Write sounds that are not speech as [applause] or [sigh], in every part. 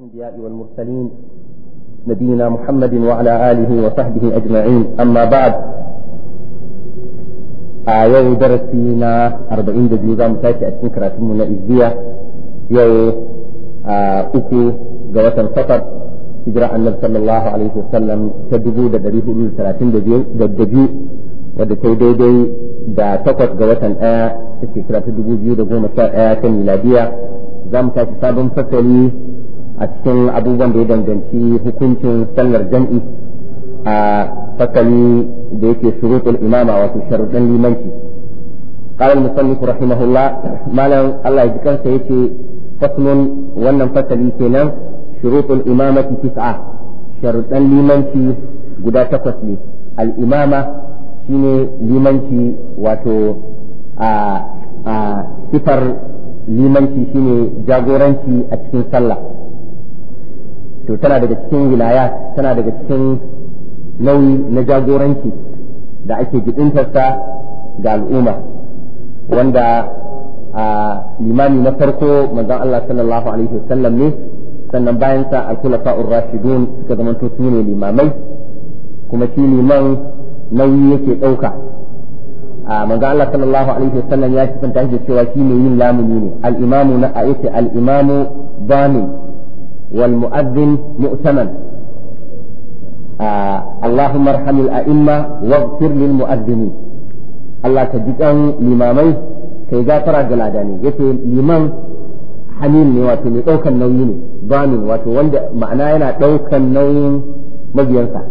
الأنبياء والمرسلين نبينا محمد وعلى آله وصحبه أجمعين أما بعد آية درسينا أربعين دجوزة متاكي أتنكرة ثمنا إزدية يو أكو آه، جوة الفطر إجراء النبي صلى الله عليه وسلم تدبو دبريه من ثلاثين دجو ودكي دي دي دا تقوت جوة آية تشكرة دبو جيو دقوم آية ميلادية زمتا كتاب فتلي a cikin abubuwan da ya danganci hukuncin sallar jam'i a fakani da yake shirutun imama wasu sharuɗin limanci ƙarin musamman ku malam allah ya jikarsa ya ce fasmun wannan fasali ke nan shirutun imama ki kisa sharuɗin limanci guda takwas ne al-imama shi ne limanci wato a sifar limanci shi ne jagoranci a cikin sallah to tana daga cikin wilaya tana daga cikin nauyi na jagoranci da ake jibintarsa ga al'umma wanda a limami na farko manzon Allah sallallahu alaihi wasallam ne sannan bayan sa al-khulafa'ur rashidun suka to su ne limamai kuma shi liman nauyi yake ɗauka a manzo Allah sallallahu alaihi wasallam ya sifanta shi da cewa shi ne yin lamuni ne al-imamu na ayati al-imamu bamin والمؤذن مؤتمن آه اللهم ارحم الأئمة واغفر للمؤذنين الله تجد أن لإمامي كي جاترا جلاداني يتي الإمام حميل نواتي لأوكا النوين ضامي نواتي وند معناه أنا أوكا النوين مجيانسا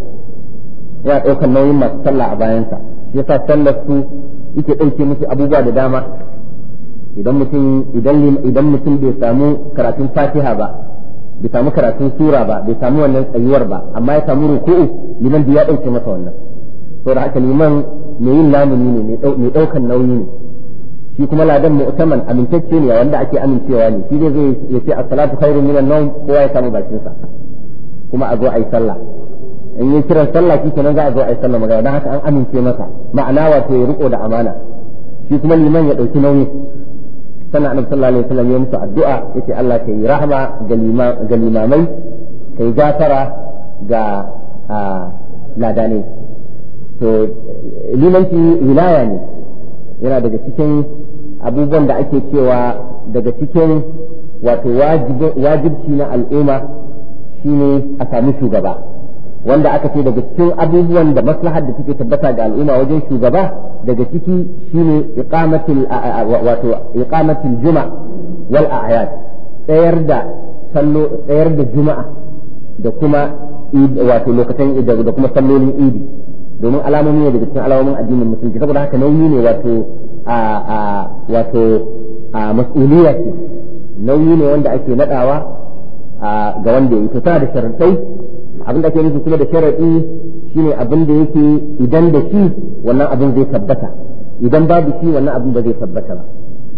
ya ɗaukar النوين ما sallah a يسا yasa sallar su yake ɗauke musu abubuwa da dama idan mutum idan mutum bai samu karatun fatiha ba bai samu karatun sura ba bai samu wannan tsayuwar ba amma ya samu ruku'u liman ya dauke masa wannan to da haka liman mai yin lamuni ne mai daukan nauyi ne shi kuma ladan mu'taman amintacce ne wanda ake amincewa ne shi zai ya ce as-salatu khairun minan nawm kowa ya samu bakin sa kuma a zo ai sallah in yi kiran sallah shi kenan za a zo ai sallah magana dan haka an amince masa ma'ana wato ya riko da amana shi kuma liman ya dauki nauyi sana annabi sallallahu alaihi wasallam ya musu addu'a yace Allah ka yi rahama ga limamai ka yi gafara ga ladane to limanci wilaya ne yana daga cikin abubuwan da ake cewa daga cikin wato wajibci na al'umma shine a sami shugaba wanda aka ce daga cikin abubuwan da maslahar da suke tabbata ga al'umma wajen shugaba daga ciki shine iqamatul wato iqamatul juma wal a'yad tsayar da sallo tsayar da juma'a da kuma wato lokacin da kuma sallolin idi domin alamomi ne daga cikin alamomin addinin musulunci saboda haka nauyi ne wato a a wato a mas'uliyya ce nauyi ne wanda ake nadawa ga wanda ya yi to tana da sharuɗai abin da ke nufi kuma da sharaɗi shine abin da yake idan da shi wannan abin zai tabbata idan babu shi wannan abin ba zai tabbata ba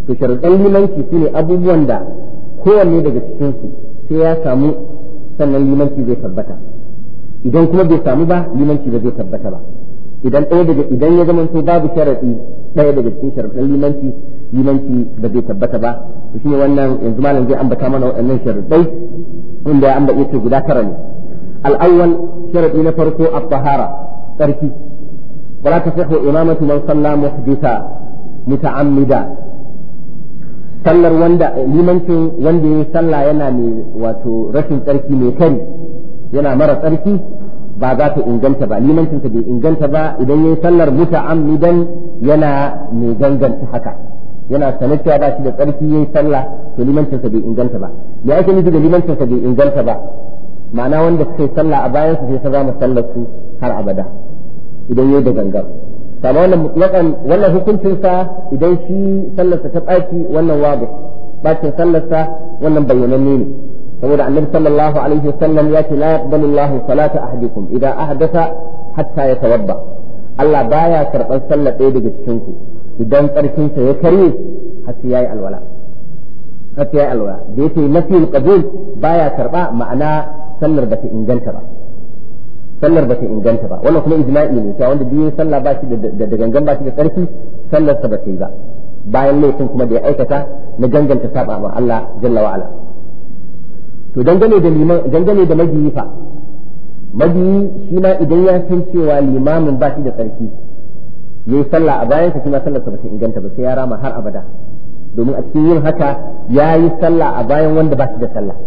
to sharaɗin limanci shine abubuwan da kowanne daga cikin su sai ya samu sannan limanci zai tabbata idan kuma bai samu ba limanci ba zai tabbata ba idan ɗaya daga idan ya zama babu sharaɗi ɗaya daga cikin sharaɗin limanci limanci ba zai tabbata ba to shine wannan yanzu malam zai ambata mana waɗannan sharaɗai inda ya ambata guda tara ne na الأول شرط إلى فرقه الطهارة تركي ولا تصح إمامة من صلى محدثا متعمدا sallar wanda limancin wanda ya salla yana mai wato rashin tsarki mai kari yana mara tsarki ba za ta inganta ba limancin limancinsa bai inganta ba idan ya sallar muta'ammidan yana mai ganganta haka yana sanar ba shi da tsarki ya yi sallah to limancin limancinsa bai inganta ba ya ake nufi da limancin limancinsa bai inganta ba ma'ana wanda suka yi sallah a bayan su sai ta zama sallar su har abada idan yayi da gangar kama wannan mutlakan wannan hukuncin sa idan shi sallarsa ta baki wannan wabi bakin sallarsa wannan bayyananne ne saboda annabi sallallahu alaihi wasallam ya ce la yaqbalu Allahu salata ahadikum idza ahdatha hatta yatawadda Allah baya karban sallar ɗaya daga cikin ku idan tsarkin sa ya karye har sai yayi alwala har sai yayi alwala da yake nafiyul qabul baya karba ma'ana sallar ba ta inganta ba sallar ba ta inganta ba wannan kuma ijma'i ne cewa wanda duk sallah ba shi da gangan ba shi da karfi sallar sa ba ta yi ba bayan laifin kuma da ya aikata na ganganta saba ma Allah jalla wa ala to dangane da liman dangane da majiyi fa majiyi shi ma idan ya san cewa limamin ba shi da tsarki yayi sallah a bayan sa kuma sallar sa ba ta inganta ba sai ya rama har abada domin a cikin yin haka ya yi sallah a bayan wanda ba shi da sallah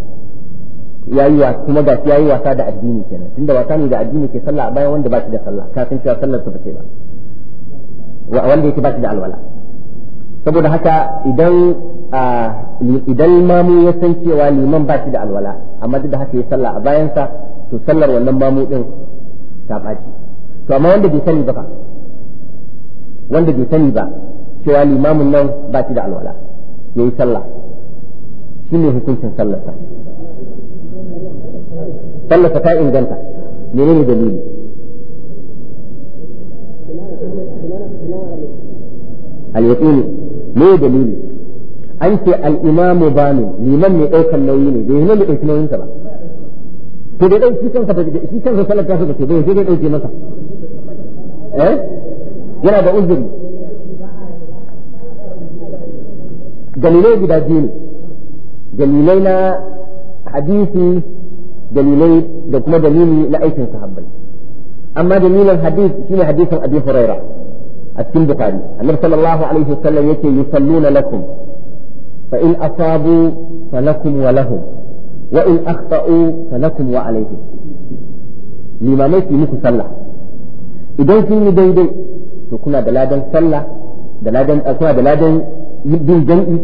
yayi wa kuma ga yayi wasa da addini kenan tunda wasa ne da addini ke sallah bayan wanda ba shi da sallah kafin cewa sallar ta bace ba wanda yake ba shi da alwala saboda haka idan idan mamu ya san cewa liman ba shi da alwala amma duk da haka ya sallah a bayansa to sallar wannan mamu din ta ɓaci to amma wanda bai sani ba fa wanda bai sani ba cewa limamin nan ba shi da alwala yayi sallah shine hukuncin sallarsa sallarsa ta inganta menene dalili al-yaqini me dalili an ce al imam bani liman mai daukan nauyi ne bai nuna mai dauki nauyin sa ba to da dauki kansa da shi kansa sallar ta ce bai sai dai dauke masa eh yana da uzuri dalilai guda biyu ne dalilai na hadisi dalilai da kuma dalili na aikin sahabbai amma dalilin hadith shine hadisin abi huraira a cikin bukhari annabi sallallahu alaihi wasallam yake yusalluna lakum fa in asabu falakum wa lahum wa in akhta'u falakum wa alaihim limamai su muku sallah idan sun yi daidai to kuna da ladan sallah da ladan kuna da ladan bin jam'i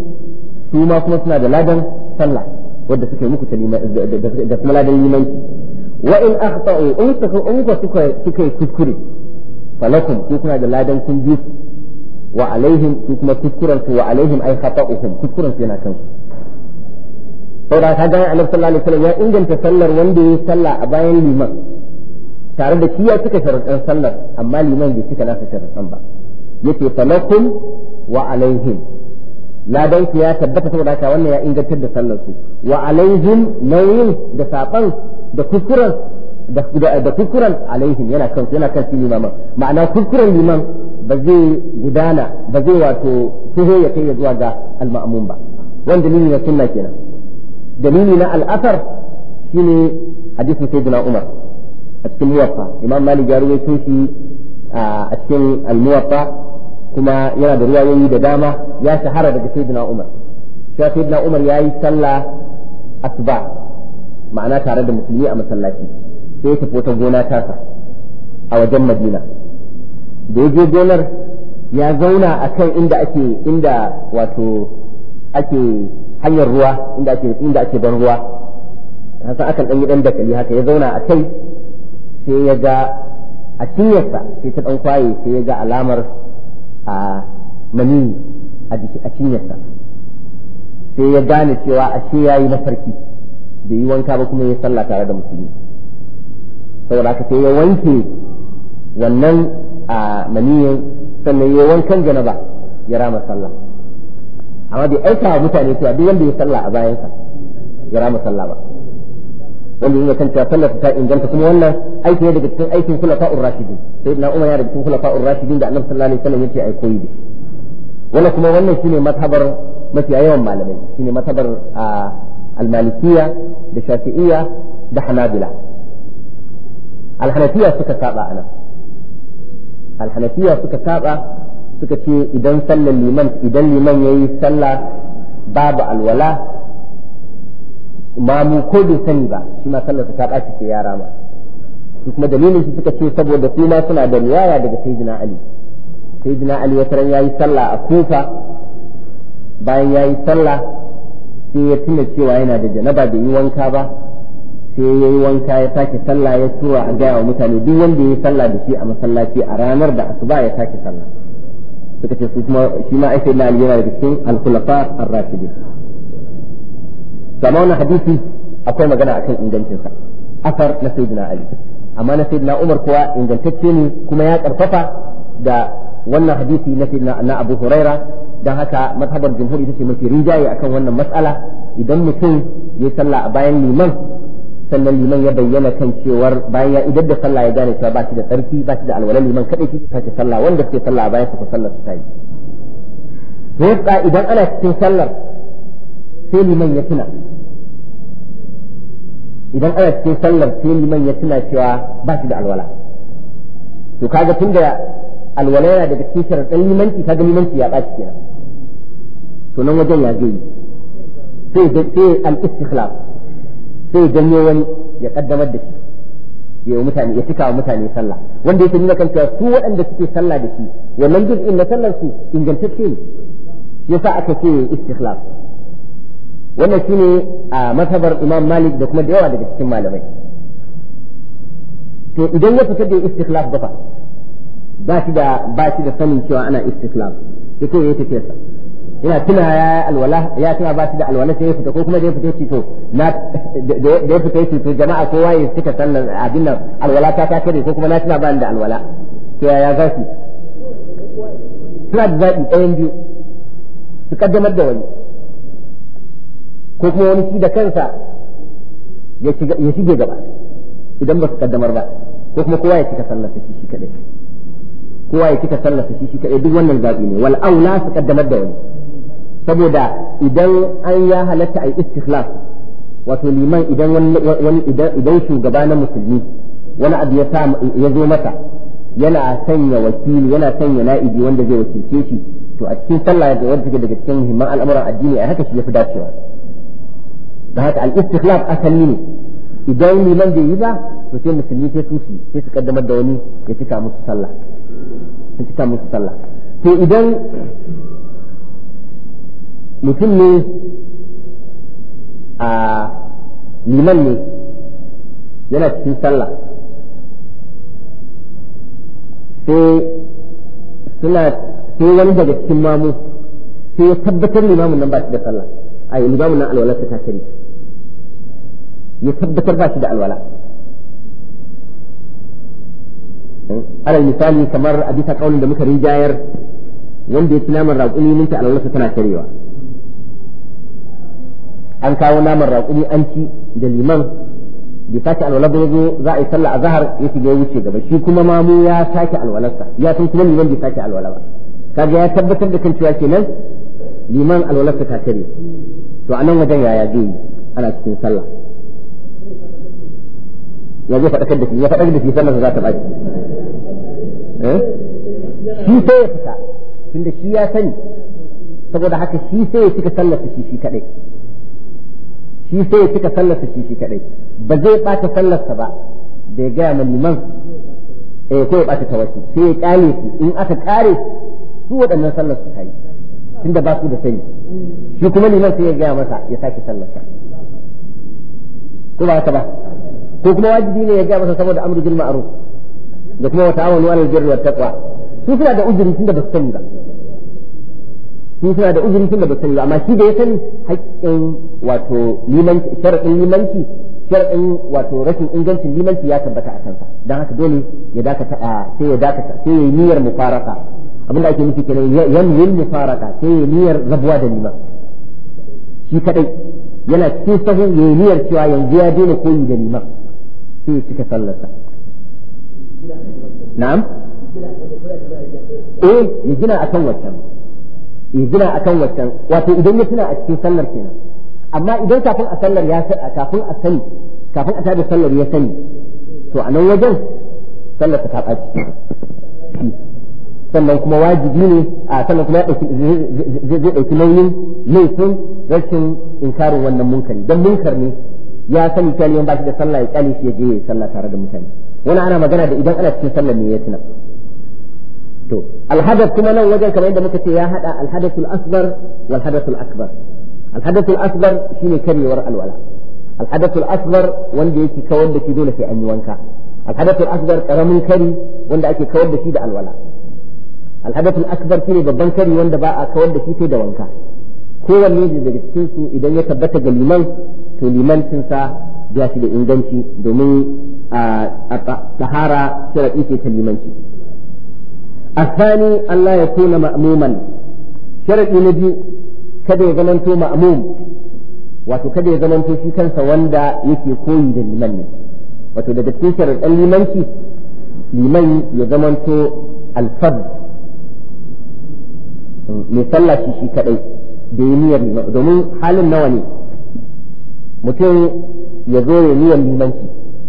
su ma kuma suna da ladan sallah wanda suka yi muku nima da kuma ladan limanci wa in akhta'u in suka in ku suka suka kuskure falakum ku kuna da ladan kun bi su wa alaihim su kuma kuskuran su wa alaihim ay khata'uhum kuskuren su yana kansu saboda ka ga annabi sallallahu alaihi wasallam ya inganta sallar wanda ya salla a bayan liman tare da shi ya cika sharuɗan sallar amma liman bai cika nasa sharuɗan ba yace falakum wa alaihim ladan su ya tabbata saboda haka wannan ya ingantar da sallar su wa alaihim nauyin da saban da kukuran da alaihim yana kan yana kan su ma'ana kuskuran liman ba zai gudana ba zai wato tuho ya kai zuwa ga al-ma'mum ba wanda dalili na sunna kenan dalili na al-athar shine hadisin sayyidina Umar a cikin muwaffa imam malik ya rawaito shi a cikin al-muwaffa kuma yana da ruwa riwayoyi da dama ya shahara daga sayyidina Umar cewa sayyidina Umar yayi sallah asuba ma'ana tare da musulmi a masallaci sai ya tafi wata gona tasa a wajen Madina da yaje gonar ya zauna akan inda ake inda wato ake hanyar ruwa inda ake inda ake ban ruwa haka akan dan yi dan dakali haka ya zauna a kai sai ya ga a cinyarsa sai ta dan kwaye sai ya ga alamar a mani a cinyarsa sai ya gane cewa a ce yi mafarki bai yi wanka ba kuma ya sallah tare da musulmi saboda haka sai ya wanke wannan a maniyin sannan ya wankan gana ba ya rama sallah amma bai aika wa mutane cewa duk wanda ya sallah a bayansa ya rama sallah ba wanda ya kan cewa sallar ta inganta kuma wannan aiki ne daga cikin aikin khulafa'ur rashidin sai na umar ya daga cikin khulafa'ur rashidin da annabi sallallahu alaihi wasallam yace ai koyi da wannan kuma wannan shine mazhabar mafi yawan malamai shine mazhabar al-malikiyya da shafi'iyya da hanabila al-hanafiyya suka saba anan al-hanafiyya suka saba suka ce idan sallar liman idan liman yayi sallah babu alwala mu ko bai sani ba shi ma sallarsa ta ɓaci ce ya rama su kuma dalilin su suka ce saboda su ma suna da riwaya daga sayyidina ali sayyidina ali ya ran yayi sallah a kufa bayan yayi sallah sai ya tuna cewa yana da janaba da yi wanka ba sai ya yi wanka ya sake sallah ya tura a gaya wa mutane duk wanda ya yi sallah da shi a masallaci a ranar da asuba ya sake sallah suka ce su kuma shi ma ai ali yana da cikin alkulafa ar amma wannan hadisi akwai magana akan ingancinsa asar na sayyidina ali amma na sayyidina umar kuwa ingantacce ne kuma ya karfafa da wannan hadisi na sayyidina na abu huraira dan haka mazhabar jumhur ita ce mafi rijaye akan wannan matsala idan mutum ya salla a bayan liman sannan liman ya bayyana kan cewar bayan ya idar da sallah ya gane cewa ba shi da tsarki ba shi da alwala liman kadai shi ta ce sallah wanda suke sallah a bayan su sallar su ta yi idan ana cikin sallar sai liman ya tuna idan ana cikin sallar sai liman ya tuna cewa ba shi da alwala to kaga tun tunda alwala yana daga cikin sharaɗin limanci kaga limanci ya ɓaci kenan to nan wajen ya zai sai sai an istikhlaf sai janyo wani ya kaddamar da shi ya yi mutane ya cika wa mutane sallah wanda yake nuna kan cewa su waɗanda suke sallah da shi wannan juz'in na sallar su ingantacce ne yasa aka ce istikhlaf wannan shine a mazhabar imam malik da kuma da yawa daga cikin malamai to idan ya fita da istiklaf ba ba shi da ba shi da sanin cewa ana istikhlaf yake ya tafi sa ina tuna ya alwala ya tuna ba shi da alwala sai ya fita ko kuma da ya fita shi to na da ya fita shi to jama'a kowa ya suka sallar abin nan alwala ta ta kare ko kuma na tuna ba da alwala to ya za su suna da zaɓi ɗayan biyu su kaddamar da wani ko kuma wani shi da kansa ya shige gaba idan ba su kaddamar ba ko kuma kowa ya cika sallar shi shi kadai kowa ya cika sallar shi shi kadai duk wannan zabi ne wal aula su kaddamar da wani saboda idan an ya halatta ai istikhlas wato liman idan wani idan shugaba na musulmi wani abu ya ya zo mata yana sanya wakili yana sanya na'ibi wanda zai wakilce shi to a cikin sallah da wanda take daga cikin muhimman al'amuran addini a haka shi yafi dacewa da haka al-istikhlaf asali ne idan liman bai yi ba to sai musulmi sai su shi sai su kaddamar da wani ya cika musu sallah ya cika musu sallah to idan mutum ne a liman ne yana cikin sallah sai suna sai wani daga cikin mamu sai ya tabbatar limamun nan ba shi da sallah a limamun nan alwalar ta shari'a ya tabbatar ba shi da alwala eh, alal misali kamar a bisa kaunin da muka rijayar wanda ya ci naman raƙumi ninta alwalarsa tana karewa an kawo naman raƙumi an ci da liman bai sake alwalar da ya zo za a yi sallah a zahar ya shiga ya wuce gaba shi kuma mamu ya sake alwalarsa ya san kuma liman bai sake alwala ba kaga ya tabbatar da kan cewa kenan liman alwalarsa ta kare to a nan wajen yaya zai yi ana cikin sallah ya je faɗakar da shi ya faɗakar da shi sallar za ta baki eh? shi sai ya fita tunda shi ya sani saboda haka shi sai ya cika sallar shi shi kaɗai shi sai ya cika sallar shi shi kaɗai ba zai ɓata sallarsa ba da ya gaya ma liman eh ko ya bata tawaki sai ya ƙyale su in aka ƙare su waɗannan sallar su kai tunda ba su da sani shi kuma liman sai ya gaya masa ya sake sallarsa ko ba haka ba ko kuma wajibi ne ya gaya masa saboda amru bil ma'ruf da kuma wa ta'awunu 'alal birri wat taqwa su suna da ujuri tunda ba su sani ba su suna da ujuri tunda ba su sani ba amma shi da ya sani haƙƙin wato limanci sharadin limanci sharadin wato rashin ingancin limanci ya tabbata a kansa dan haka dole ya dakata sai ya dakata sai ya yi niyyar mufaraka abinda ake nufi kenan yan yin mufaraka sai ya niyyar rabuwa da liman shi kadai yana cikin sahu ya yi niyyar cewa yanzu ya daina koyi da liman sai ya cika sallarsa na'am eh ya gina akan waccan ya gina akan waccan wato idan ya tuna a cikin sallar kenan amma idan kafin a sallar ya kafin a sani kafin a tada sallar ya sani to a nan wajen sallar ta ɓaci sannan kuma wajibi ne a sannan kuma zai ɗauki nauyin laifin rashin inkarin wannan munkari don munkar ne ya sani kyali yan bashi da sallah ya kyali shi ya je sallah tare da mutane wani ana magana da idan ana cikin sallah ne ya tuna to alhadath kuma nan wajen kamar yadda muka ce ya hada alhadathul asghar wal hadathul akbar alhadathul asghar shine karyewar alwala alhadathul asghar wanda yake kawar da shi dole sai an yi wanka alhadathul asghar karamin kari wanda ake kawar da shi da alwala alhadathul akbar shine babban kari wanda ba a kawar da shi sai da wanka kowanne daga cikin su idan ya tabbata ga liman to sa ba shi da inganci domin tahara sharaɗi ce ta limanci asani Allah ya kona ma'muman sharaɗi na biyu kada ya zamanto ma'mum wato kada ya zamanto shi kansa wanda yake koyi da liman ne wato daga cikin sharaɗin limanci liman ya zamanto alfar mai sallah shi shi kadai da yi niyyar domin halin nawa ne mutum ya zo ya niyan limanci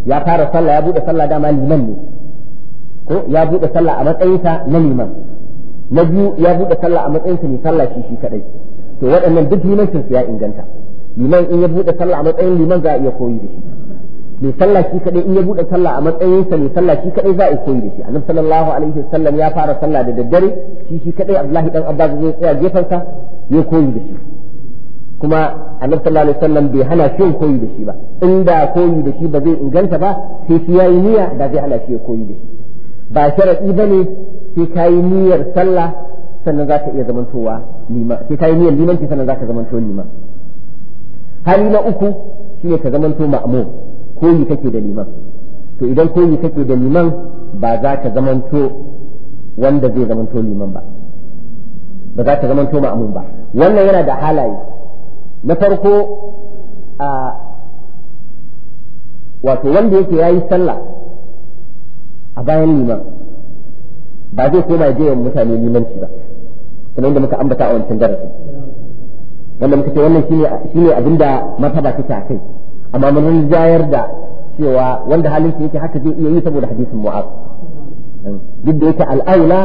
ya fara sallah ya bude sallah dama liman ne ko ya bude sallah a matsayinsa na liman na biyu ya bude sallah a matsayinsa ne sallah shi shi kadai to waɗannan duk limancin su ya inganta liman in ya bude sallah a matsayin liman za a iya koyi da shi mai sallah shi kadai in ya bude sallah a matsayinsa ne sallah shi kadai za a iya koyi da shi annabi sallallahu alaihi wasallam ya fara sallah da daddare shi shi kadai Abdullahi dan Abbas zai tsaya gefansa ya koyi da shi kuma annabi sallallahu alaihi wasallam bai hana shi koyi da shi ba inda koyi da shi ba zai inganta ba sai shi yayi niyya da zai hana shi koyi da shi ba sharadi bane sai kai niyyar sallah sannan za ka iya zamantowa lima sai kai niyyar limanci sannan za ka zamanto liman hali na uku shine ka zamanto ma'mum koyi kake da liman to idan koyi kake da liman ba za ka zamanto wanda zai zamanto liman ba ba za ka zamanto ma'mum ba wannan yana da halaye na farko a wato wanda yake yayi sallah a bayan liman ba zai koma je wa mutane limanci ba kamar yadda muka ambata a wancan darasi wanda muka ce wannan shine abin da mazhaba take a kai amma mun zayar da cewa wanda halin yake haka zai iya yi saboda hadisin mu'az duk da yake al'aula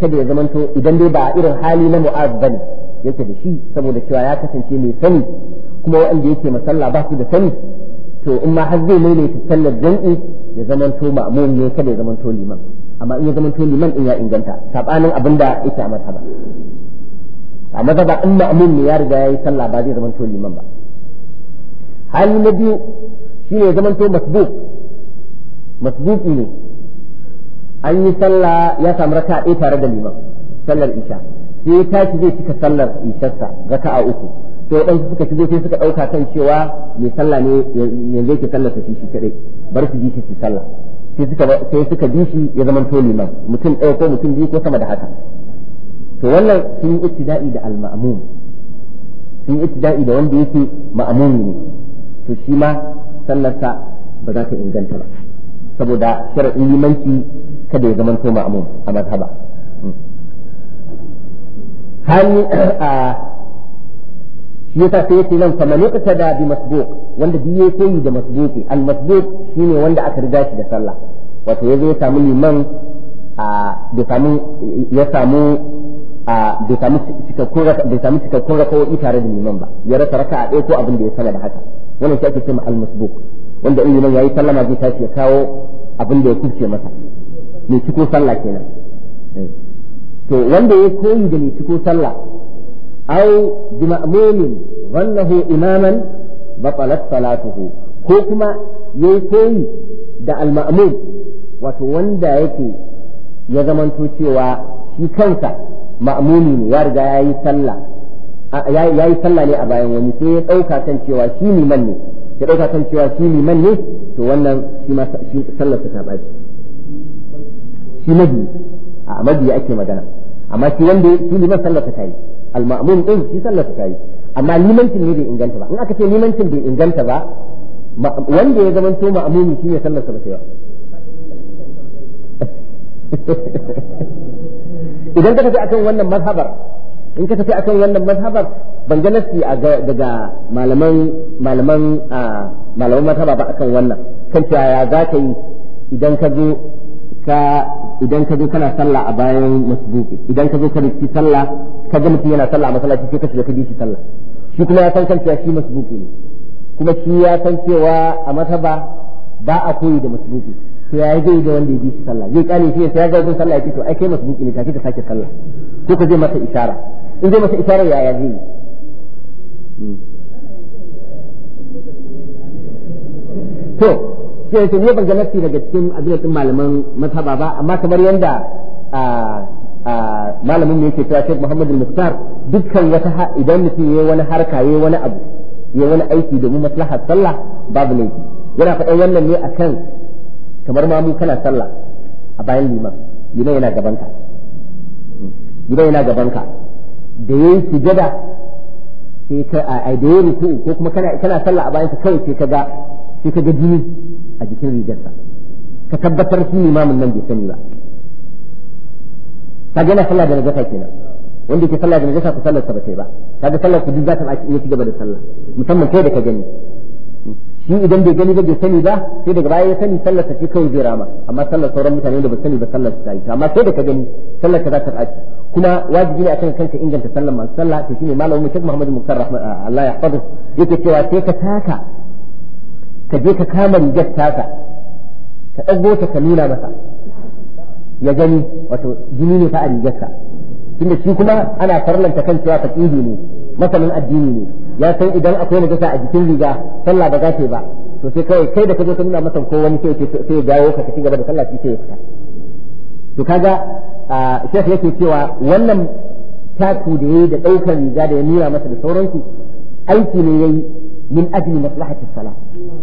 kada ya zamanto idan dai ba irin hali na mu'az bane yake da shi saboda cewa ya kasance mai sani kuma waɗanda yake masalla ba su da sani to in ma har zai maimaita sallar jam'i ya zamanto ma'mum ne kada ya zamanto liman amma in ya zamanto liman in ya inganta sabanin abin da yake a mazhaba a mazhaba in ma'mum ne ya riga yayi sallah ba zai zamanto liman ba hali na biyu shine ya zamanto masbuk masbuki ne an yi sallah ya samu raka'a ɗaya tare da liman sallar isha sai ya tashi zai cika sallar isharsa a uku to waɗansu suka shigo sai suka ɗauka kan cewa mai sallah ne yanzu yake sallar ta shi shi kaɗai bar su ji shi shi sallah sai suka bi shi ya zama to liman mutum ɗaya ko mutum biyu ko sama da haka to wannan sun yi ittida'i da al-ma'mum sun yi ittida'i da wanda yake ma'mumi ne to shi ma sallarsa ba za ta inganta ba saboda shar'in limanci kada ya zama to ma'mum a mazhaba hali a shi yasa sai yake nan ta da bi masbuk wanda bi ya koyi da masbuki al masbuk shine wanda aka riga shi da sallah wato yazo ya samu liman a bai samu ya samu a bai samu cikakkun bai samu cikakkun rakawoyi tare da liman ba ya rasa a ɗaya ko abin da ya da haka wannan shi ake cewa al masbuk wanda in liman yayi sallama zai tashi ya kawo abin da ya kuce masa mai ciko sallah kenan to wanda ya koyi da mai ciko sallah au bi ma'mumin wannahu imaman batalat salatuhu ko kuma yayi koyi da al-ma'mum wato wanda yake ya zamanto cewa shi kansa ma'mumi ne ya riga yayi sallah yayi sallah ne a bayan wani sai ya dauka kan cewa shi liman ne ya dauka kan cewa shi liman ne to wannan shi ma sallar ta baci shi mabi a mabi ake magana amma shi wanda shi liman sallar ta al-ma'mum din shi sallar ta kai amma limancin ne bai inganta ba in aka ce limancin bai inganta ba wanda ya zamanto ma'mumi shi ne sallar sa ba [laughs] idan ka tafi akan wannan mazhabar in ka tafi akan wannan mazhabar ban ga nasi daga malaman malaman ah, malaman mazhaba ba akan wannan kan cewa ya za ka yi idan ka zo ka idan ka zo kana sallah a bayan masbuki idan ka zo ka riski sallah ka ga mutum yana sallah a masallaci sai ka shiga ka bi shi sallah shi kuma ya san kan cewa shi masbuki ne kuma shi ya san cewa a masaba ba a koyi da masbuki to ya zai ga wanda ya bi shi sallah zai kane shi sai ya ga wajen sallah ya ce to ai kai masbuki ne kake ta sake sallah ko ka zai masa isara in zai masa isara ya zai hmm. to sai ce ne banga ga daga cikin abin malaman mazhaba ba amma kamar yanda malamin ne yake cewa Sheikh Muhammad al-Mukhtar dukkan wata idan mutum yayi wani harka yayi wani abu yayi wani aiki domin maslahar sallah babu ne yana faɗan wannan ne akan kamar ma mu kana sallah a bayan liman yana yana gabanka liman yana gabanka da yayi sujada sai ka a da yayi ko kuma kana kana sallah a bayan ka kai sai ka ga sai ka ga jini a jikin rigarsa ka tabbatar shi imamin nan bai sani ba ka gana sallah da najasa kenan wanda yake sallah da najasa ku sallar sa ba sai ba kaga sallar ku duk za ta ba iya cigaba da sallah musamman kai da ka gani shi idan bai gani ba bai sani ba sai daga baya ya sani sallar ta ce kawai zai rama amma sallar sauran mutane da ba sani ba sallar ta yi amma sai da ka gani sallar ka za ta ɓaci kuma wajibi ne akan kanka inganta sallar masu sallah to shine malamin Sheikh Muhammad Mukarraf Allah ya hafazu yake cewa sai ka taka ka je ka kama rigar tasa ka ɗago ta ka nuna masa ya gani wato jini ne fa a rigarsa tunda shi kuma ana farlanta kan cewa faqihi ne masanin addini ne ya san idan akwai najasa a jikin riga sallah ba za ta ba to sai kai kai da zo ka nuna masa ko wani sai sai ya dawo ka ci gaba da sallah shi sai ya fita to kaga shekh yake cewa wannan tatu da yayi da ɗaukar riga da ya nuna masa da sauransu aiki ne yayi min ajli maslahati salat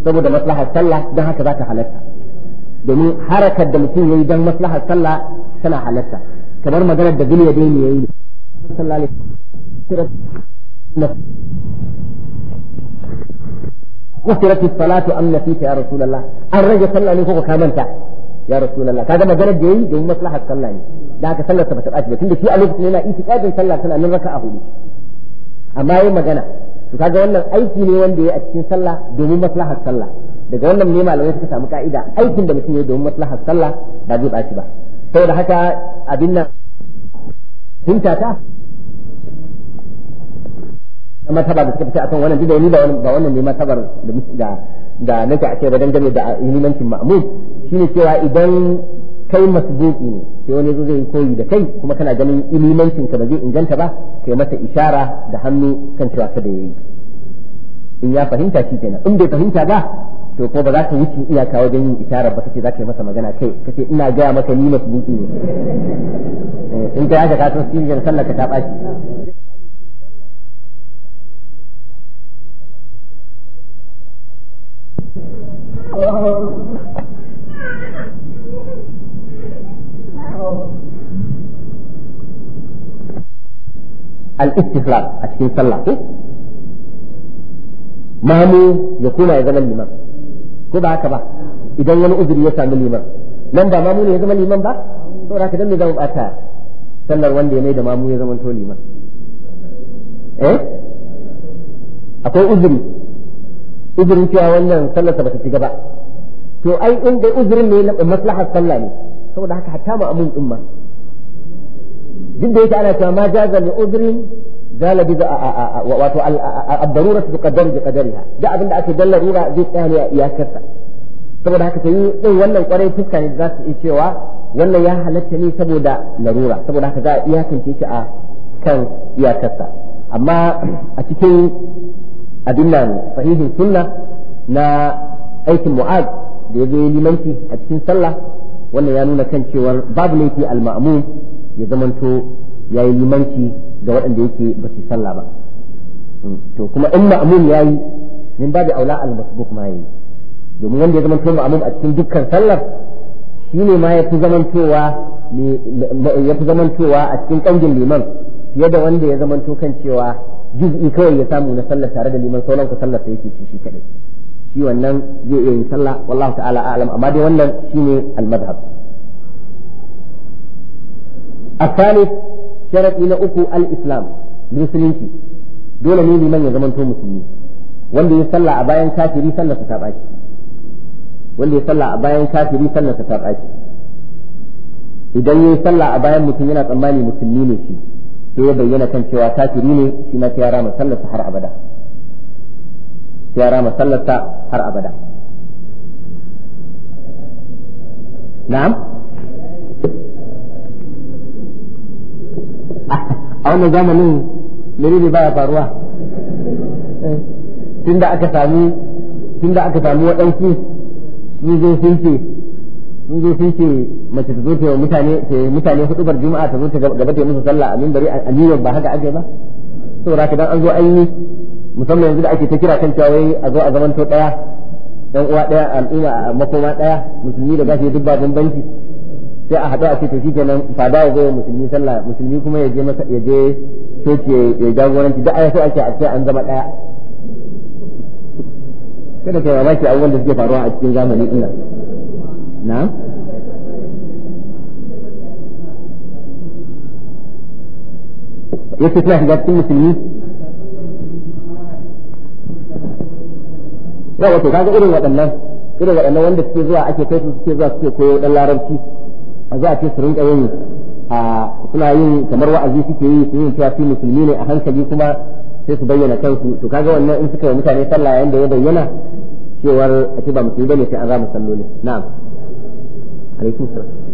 saboda maslahar sallah don haka za ta halatta domin harakar da mutum yayi don maslahar sallah tana halatta kamar maganar da biliya dai ne yayi sallallahu أثرت الصلاة أم نسيت يا رسول الله الرجل صلى لي فوق كامنتا يا رسول الله كذا ما جرت جاي جاي مصلحة صلى لي ذاك صلى تبت أجل كل شيء ألوك لنا إيتك أجل صلى سنة من ركعة هولي أما يوم جنا to kaga wannan aiki ne wanda ya a cikin sallah domin maslahar sallah daga wannan ne malamai suka samu ka'ida aikin da mutum ya domin maslahar sallah ba zai baci ba saboda haka abin nan hinta ta na mataba da suka fita akan wannan duk da ni ba wannan ne tabar da da nake a ce ba dangane da limancin ma'amud shine cewa idan kai masbuki ne sai wani zo zai koyi da kai kuma kana ganin ilimancin ka ba zai inganta ba kai masa ishara da hannu kan cewa da yayi in ya fahimta shi kenan in bai fahimta ba to ko ba za ka wuce iyaka wajen yin isharar ba kace za ka yi masa magana kai kace ina gaya maka ni masbuki ne eh, in ka haka ka san ne sallar ka ta baci Oh al-istihlal a cikin sallah ko mamu ya kuma ya zama liman ko ba haka ba idan wani uzuri ya samu liman nan ba mamu ne ya zama liman ba da haka dan za mu bata sallar wanda ya mai da mamu ya zama to liman eh akwai uzuri uzurin cewa wannan sallar ta bata shiga ba to ai in dai uzurin ne na maslahar sallah ne saboda haka hatta ma amun din ma duk da yake ana cewa ma jaza li udrin zala bi wato ad-darura bi qadari bi qadariha da abinda ake dallarura zai tsaya ne a iyakarsa saboda haka sai din wannan kwarai fuska ne za su iya cewa wannan ya halatta ne saboda larura saboda haka za a iyakance shi a kan iyakarsa amma a cikin abin nan sahihin sunna na aikin mu'az da ya zo limanci a cikin sallah wannan ya nuna kan cewar babu laifi al-ma'mum ya zamanto ya yi limanci ga waɗanda yake ba su sallah ba mm, to kuma in ma'amun ya yi min da aula al-masbuk ma yi domin wanda ya zamanto ma'amun a cikin dukkan sallar shi ne ma ya fi zamantowa a cikin ƙangin liman fiye da wanda ya zamanto kan cewa juz'i kawai ya samu na sallar tare da liman sauran ku sallar ta yake shi kaɗai shi wannan zai iya yin sallah wallahu ta'ala a'lam amma dai wannan shine al-madhhab الثالث شرط إلى أكو الإسلام musulunci dole ne من ya zamanto musulmi wanda ya sallar يصلى a bayan kafiri ta baki idan ya salla a bayan mutum yana tsammani musulmi ne shi sai ya bayyana kan cewa kafiri ne shi ma sai yara har abada sai har abada a wannan zamanin menene baya faruwa eh, tunda aka samu tunda aka samu waɗansu sun zo sun ce sun zo sun ce mace ta zo ta mutane ta mutane hudu bar juma'a ta zo ta gaba ta musu sallah a bari York ba haka ake ba saboda haka dan an zo an yi musamman yanzu da ake ta kira kan cewa wai a zo a zamanto daya dan uwa daya al'umma a makoma daya musulmi da gashi duk ba bambanci sai a haɗu a ce to shikenan fada ya zo musulmi sallah musulmi kuma ya je masa ya je coci ya jagoranci da aya so ake a ce an zama ɗaya kada kai mamaki abubuwan da suke faruwa a cikin zamani ɗin nan na yake suna shiga cikin musulmi yawa to kaga irin waɗannan irin waɗannan wanda suke zuwa ake kai su suke zuwa suke koyo ɗan larabci a za a ce su rinka yin a suna yin kamar wa'azi suke yi su yin cewa su musulmi ne a hankali kuma sai su bayyana kansu to kaga wannan in suka yi mutane sallah yayin da ya bayyana cewar a ce ba musulmi bane sai an rama sallolin na'am alaikum salam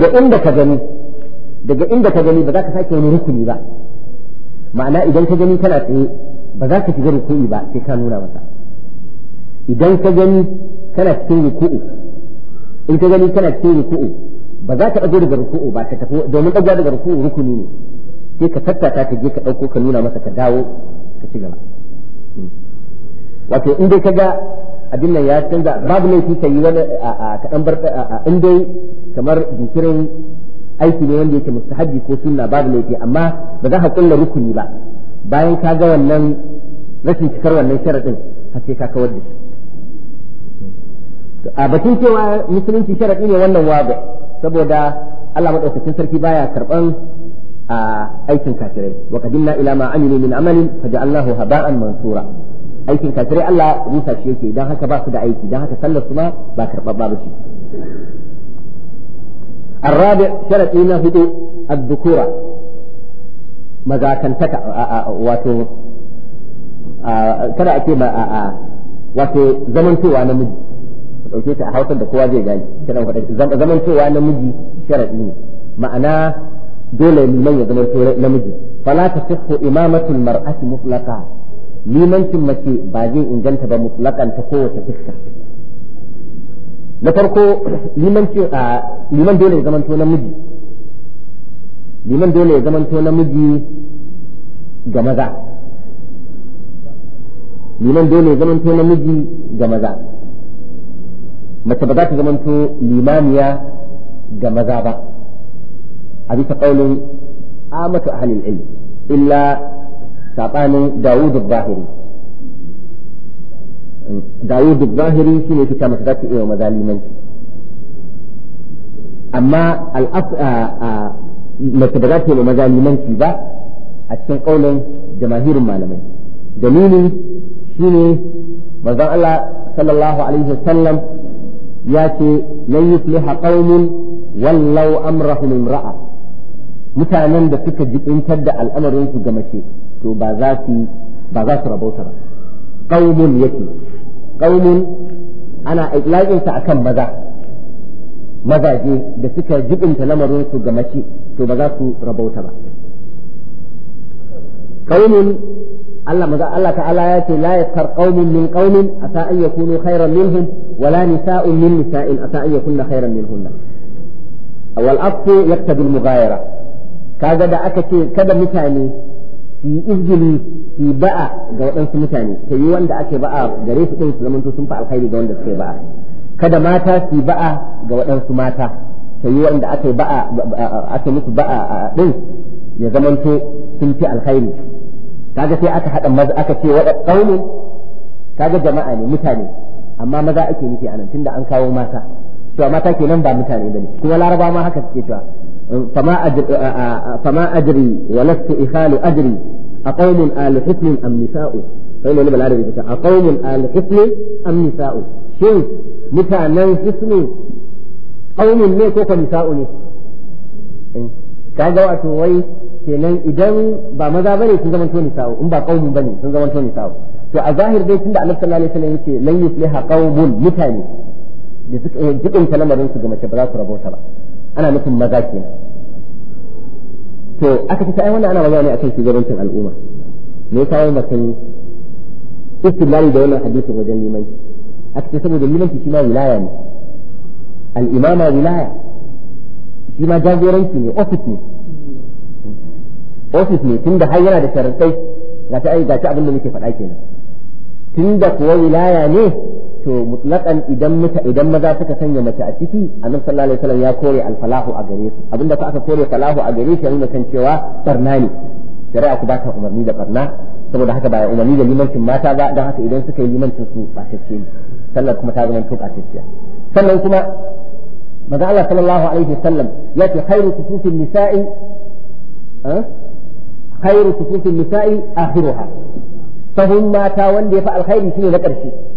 daga inda ka gani daga inda ka gani ba za ka sake wani rukuni ba ma'ana idan ka gani kana tsaye ba za ka shiga rukuni ba sai ka nuna masa idan ka gani kana cikin ruku'u in ka gani kana cikin ruku'u ba za ka ɗago daga ruku'u ba ka tafi domin ɗago daga ruku'u rukuni ne sai ka tattata ka je ka ɗauko ka nuna masa ka dawo ka ci gaba hmm. wato in dai ka ga abin nan ya canza babu laifi ka yi wani a kaɗan bar in dai kamar jinkirin aiki ne wanda yake mustahabi ko sunna babu laifi amma ba za ka kulla rukuni ba bayan ka ga wannan rashin cikar wannan sharaɗin har sai ka kawar da shi a batun cewa musulunci sharaɗi ne wannan wago saboda Allah maɗaukacin sarki baya karɓan a aikin kafirai wa qadimna ila ma amilu min amalin faja'alnahu haba'an mansura aikin kafirai Allah rusa shi yake dan haka ba su da aiki dan haka sallar su ma ba karɓaɓɓa ba ce الرابع na إلى هدوء الذكورة kada a ce ma a wato zamantowa namiji dauke ta a hausar da kowa zai gani kiran faɗa zamantowa namiji sharadi ne ma'ana dole liman ya zamanto namiji fala tasihhu imamatul mar'ati mutlaqa limancin mace ba zai inganta ba mutlakan ta kowace fuska na farko liman dole ya zamanto namiji liman dole ya zamanto namiji ga maza liman dole ya zamanto namiji ga maza mace ba za ta zamanto limaniya ga maza ba a bisa ƙaunin amatu ahalin ilmi illa sabanin Dawud al-Zahiri Dawud al-Zahiri shine fita masa zaki iya mazalimanci amma mace ba za ta yi mazalimanci ba a cikin ƙaunin jamahirin malamai dalili ne manzon Allah sallallahu alaihi wasallam ya ce lan yufliha qaumun wallau amrahum imra'a mutanen da suka jibintar da al'amarin su ga mace to ba za su ba za su rabauta ba qaumun yake qaumun ana itlaqin a kan maza mazaje da suka jibinta lamarin ga mace to ba za su rabauta ba qaumun Allah maza Allah ta'ala ya ce la yakar qaumun min qaumin asa an yakunu khairan minhum wala nisa'un min nisa'in asa an yakunna khairan minhunna wal afu yaktabi al mughayara kaga da aka ce kada mutane su yi izgili su yi ba'a ga waɗansu mutane ta yi wanda ake ba'a gare su ɗin su zamanto sun fi alkhairi ga wanda suke ba'a kada mata su yi ba'a ga waɗansu mata ta yi wanda ake ba'a ake musu ba'a ɗin ya zamanto sun fi alkhairi kaga sai aka haɗa maza aka ce waɗa ƙaunin kaga jama'a ne mutane amma maza ake nufi anan tunda an kawo mata cewa mata kenan ba mutane ba ne kuma larabawa ma haka suke cewa فما أدري, فما أدري ولست إخال أدري أقوم آل حفل أم نساء فإن نبى العربي أقوم آل حفل أم نساء شيء متى نن حفل قوم ne ko ko nisa'u ne wato wai kenan idan ba maza bane sun zama to in ba qaumun bane sun zama to to a zahir dai tunda Annabi sallallahu alaihi wasallam yace lan yufliha qaumun mutane da suka jikin su ga mace ba za su rabota ba ana nufin maza kenan to aka ce ai wannan ana magana ne akan shugabancin al'umma me kawo mutum istilali da wannan hadisin wajen limanci aka ce saboda limanci shi ma wilaya ne al'imama wilaya shi ma jagoranci ne ofis ne ofis ne tunda har yana da sharantai ga ta ai ga ta abin da muke faɗa kenan tunda kuwa wilaya ne to mutlaqan idan muta idan maza suka sanya mace a ciki annabi sallallahu alaihi wasallam ya kore alfalahu a gare su abinda ku aka kore falahu a gare shi yana kan cewa barna ne shari'a ku ba ta umarni da barna saboda haka ba umarni da limancin mata ba don haka idan suka yi limancin su ba tacce ne sallar kuma ta zama tuka tacciya sannan kuma maza Allah sallallahu alaihi wasallam ya ce khairu sufufin nisa'i eh? khairu sufufin nisa'i akhiruha sahun mata wanda ya fa alkhairi shine na ƙarshe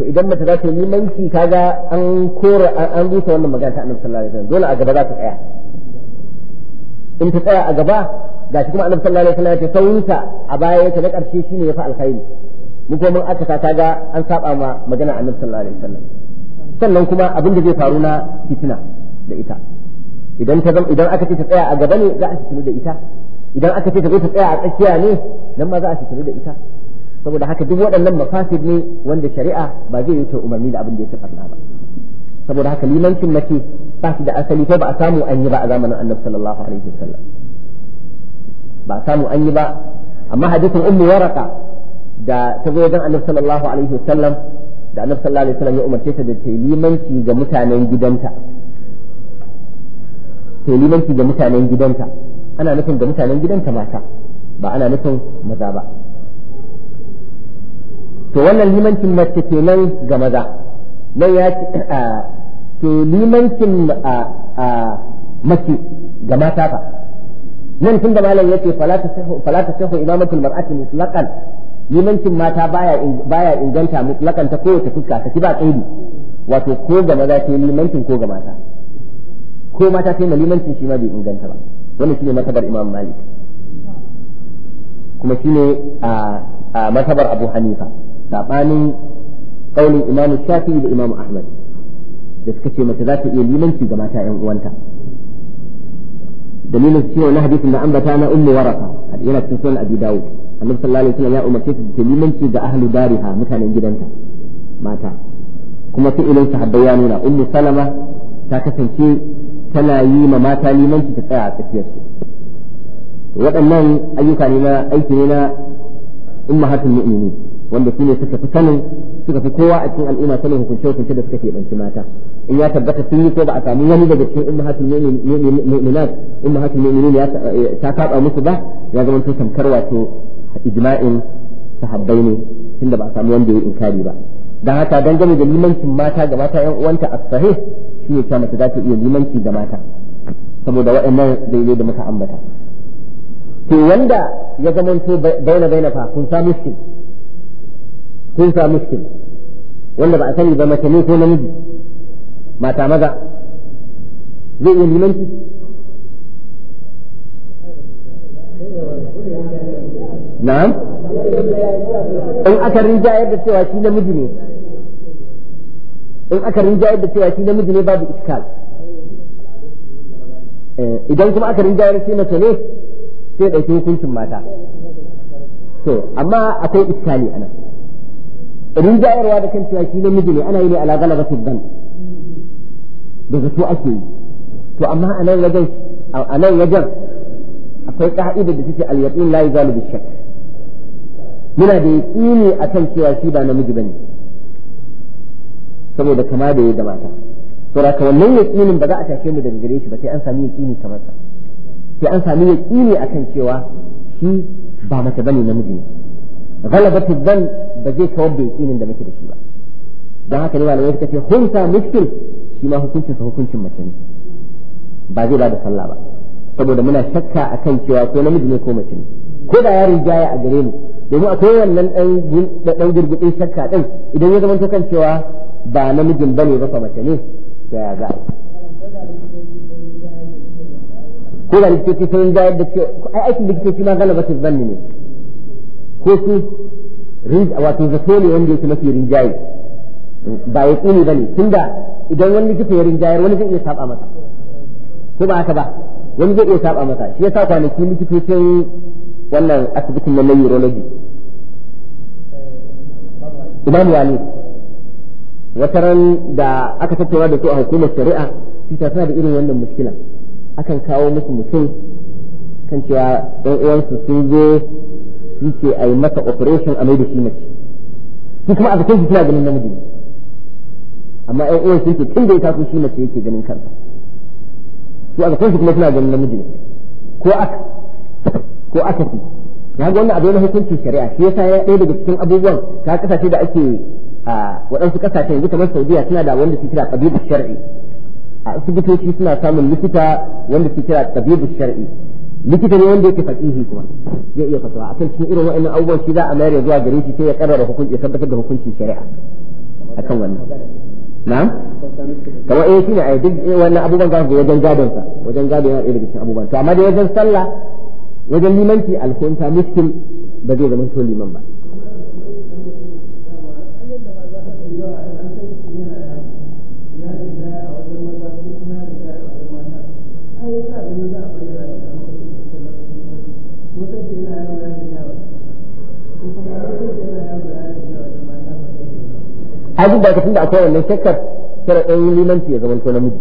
to idan mace za ta yi limanci ga an kora an rusa wannan magana ta annabi sallallahu alaihi wasallam dole a gaba za ta tsaya in ta tsaya a gaba shi kuma annabi sallallahu alaihi wasallam ya ce sauyinta a baya yake na karshe shine yafi alkhairi mu kuma mun aka ta ga an saba ma magana annabi sallallahu alaihi wasallam sannan kuma abin da zai faru na fitina da ita idan ta zama idan aka ce ta tsaya a gaba ne za a fitinu da ita idan aka ce ta zo ta tsaya a tsakiya ne nan ma za a fitinu da ita saboda haka duk waɗannan mafasid ne wanda shari'a ba zai yi umarni da abin da ya ci farna ba saboda haka limancin mace ba shi da asali ko ba a samu an yi ba a zamanin annabi sallallahu alaihi wasallam ba a samu an yi ba amma hadisin ummu waraka da ta zo wajen annabi sallallahu alaihi wasallam da annabi sallallahu alaihi wasallam ya umarce ta da ta limanci ga mutanen gidanta ta limanci ga mutanen gidanta ana nufin ga mutanen gidanta mata ba ana nufin maza ba to wannan limancin mace kenan ga maza nan ya to limancin mace ga mata fa nan tun da malam yace fala ta sahu imamatul mar'ati mutlaqan limancin mata baya baya inganta mutlaqan ta kowace fuska ta ba kaidi wato ko ga maza ta limancin ko ga mata ko mata sai limancin shi ma bai inganta ba wannan shine matabar imam malik kuma shine a matabar abu hanifa sabanin kaulin imamu shafi da imamu ahmad da suka ce mace za ta iya limanci ga mata yan uwanta dalilin cewa wannan hadisin da ambata na ummu waraka yana cikin sunan abi dawud annabi sallallahu alaihi wasallam ya umarce ta ta limanci ga ahlu dariha mutanen gidanta mata kuma fi'ilin sahabbai ya nuna ummu salama ta kasance tana yi ma mata limanci ta tsaya a tsakiyar su waɗannan ayyuka ne na aiki ne na ummahatul mu'minin wanda su ne suka fi sanin suka fi kowa a cikin al'umma sanin hukunce hukunce da suka keɓanci mata in ya tabbata sun yi ko ba a samu wani daga cikin ummahatul mu'minat ummahatul mu'minin eh, ta saba musu ba ya zama to tamkar wato ijma'in sahabbai ne tunda ba a samu wanda ya inkari ba dan haka dangane da limancin mata ga mata yan uwanta as-sahih shi ne ta za ta iya limanci ga mata saboda waɗannan daidai da muka ambata to wanda ya zamanto baina baina fa kun samu shi kun sa muskil wanda ba a sani ba mace ne ko namiji mata maza zai iya limanci na'am in aka rinja da cewa shi namiji ne in aka rinja da cewa shi namiji ne babu iskal eh, idan kuma aka yadda shi mace ne sai ɗauki hukuncin mata to amma akwai iskali a nan rinjayarwa da kan cewa shi namiji ne ana yi ne ala galabati dan da zato ake yi to amma a nan wajen a nan wajen akwai ka'ida da take al-yaqin la yuzalu bi-shakk muna da yaqini akan cewa shi ba namiji bane saboda kama da yayi da mata to da wannan yaqinin ba za a tashe mu daga gare shi ba sai an sami yaqini kamar sa sai an sami yaqini akan cewa shi ba mace bane namiji ne ba غلبة الظن بزي da muke da shi ba don haka ne malamai suka ce hunsa muskil shi ma hukuncin sa hukuncin mace ba zai bada sallah ba saboda muna shakka akan cewa ko namiji ne ko mace ne ko da ya rijaya a gare mu domin akwai wannan dan dan gurgudin shakka din idan ya zama to kan cewa ba namijin bane ba fa mace ne to ya ga ko da likitoci sun ga yadda ai aikin likitoci ma galabatin zanni ne ko su wato zato ne wanda yake mafi rinjaye ba ya tsini ba ne tunda idan wani likita ya rinjayar wani zai iya saba masa ko ba haka ba wani zai iya saba masa shi yasa kwanaki likitocin wannan asibitin na urology imam ne wata ran da aka tattauna da su a hukumar shari'a shi tana da irin wannan muskila akan kawo musu mutum kan cewa ɗan uwansu sun zo yake a yi masa operation a mai da shi mace su kuma a cikin shi suna ganin namiji amma ɗan uwan shi ke tun da ya taso shi mace yake ganin kansa su a cikin shi kuma suna ganin namiji ko aka ko aka fi ya ga wannan abu na hukuncin shari'a shi yasa ya ɗaya daga cikin abubuwan ka kasashe da ake a waɗansu kasashe yanzu kamar Saudiya suna da wanda su kira qabibu shar'i a asibitoci suna samun likita wanda su kira qabibu shar'i likita ne wanda yake faƙihi kuma zai iya fatawa kan cikin irin wa'annan abubuwan shi za a mayar zuwa gare shi sai ya karrara hukunci ya tabbatar da hukuncin shari'a a kan wannan na'am kamar eh shine ai duk eh, wannan abubuwan za ku wajen gadon sa wajen gado yana ɗaya daga cikin abubuwan to amma da wajen sallah wajen limanci alkunta miskin ba zai zama to liman ba Thank you. har duk da kafin da akwai wannan shakkar kira ɗan limanci ya zama to namiji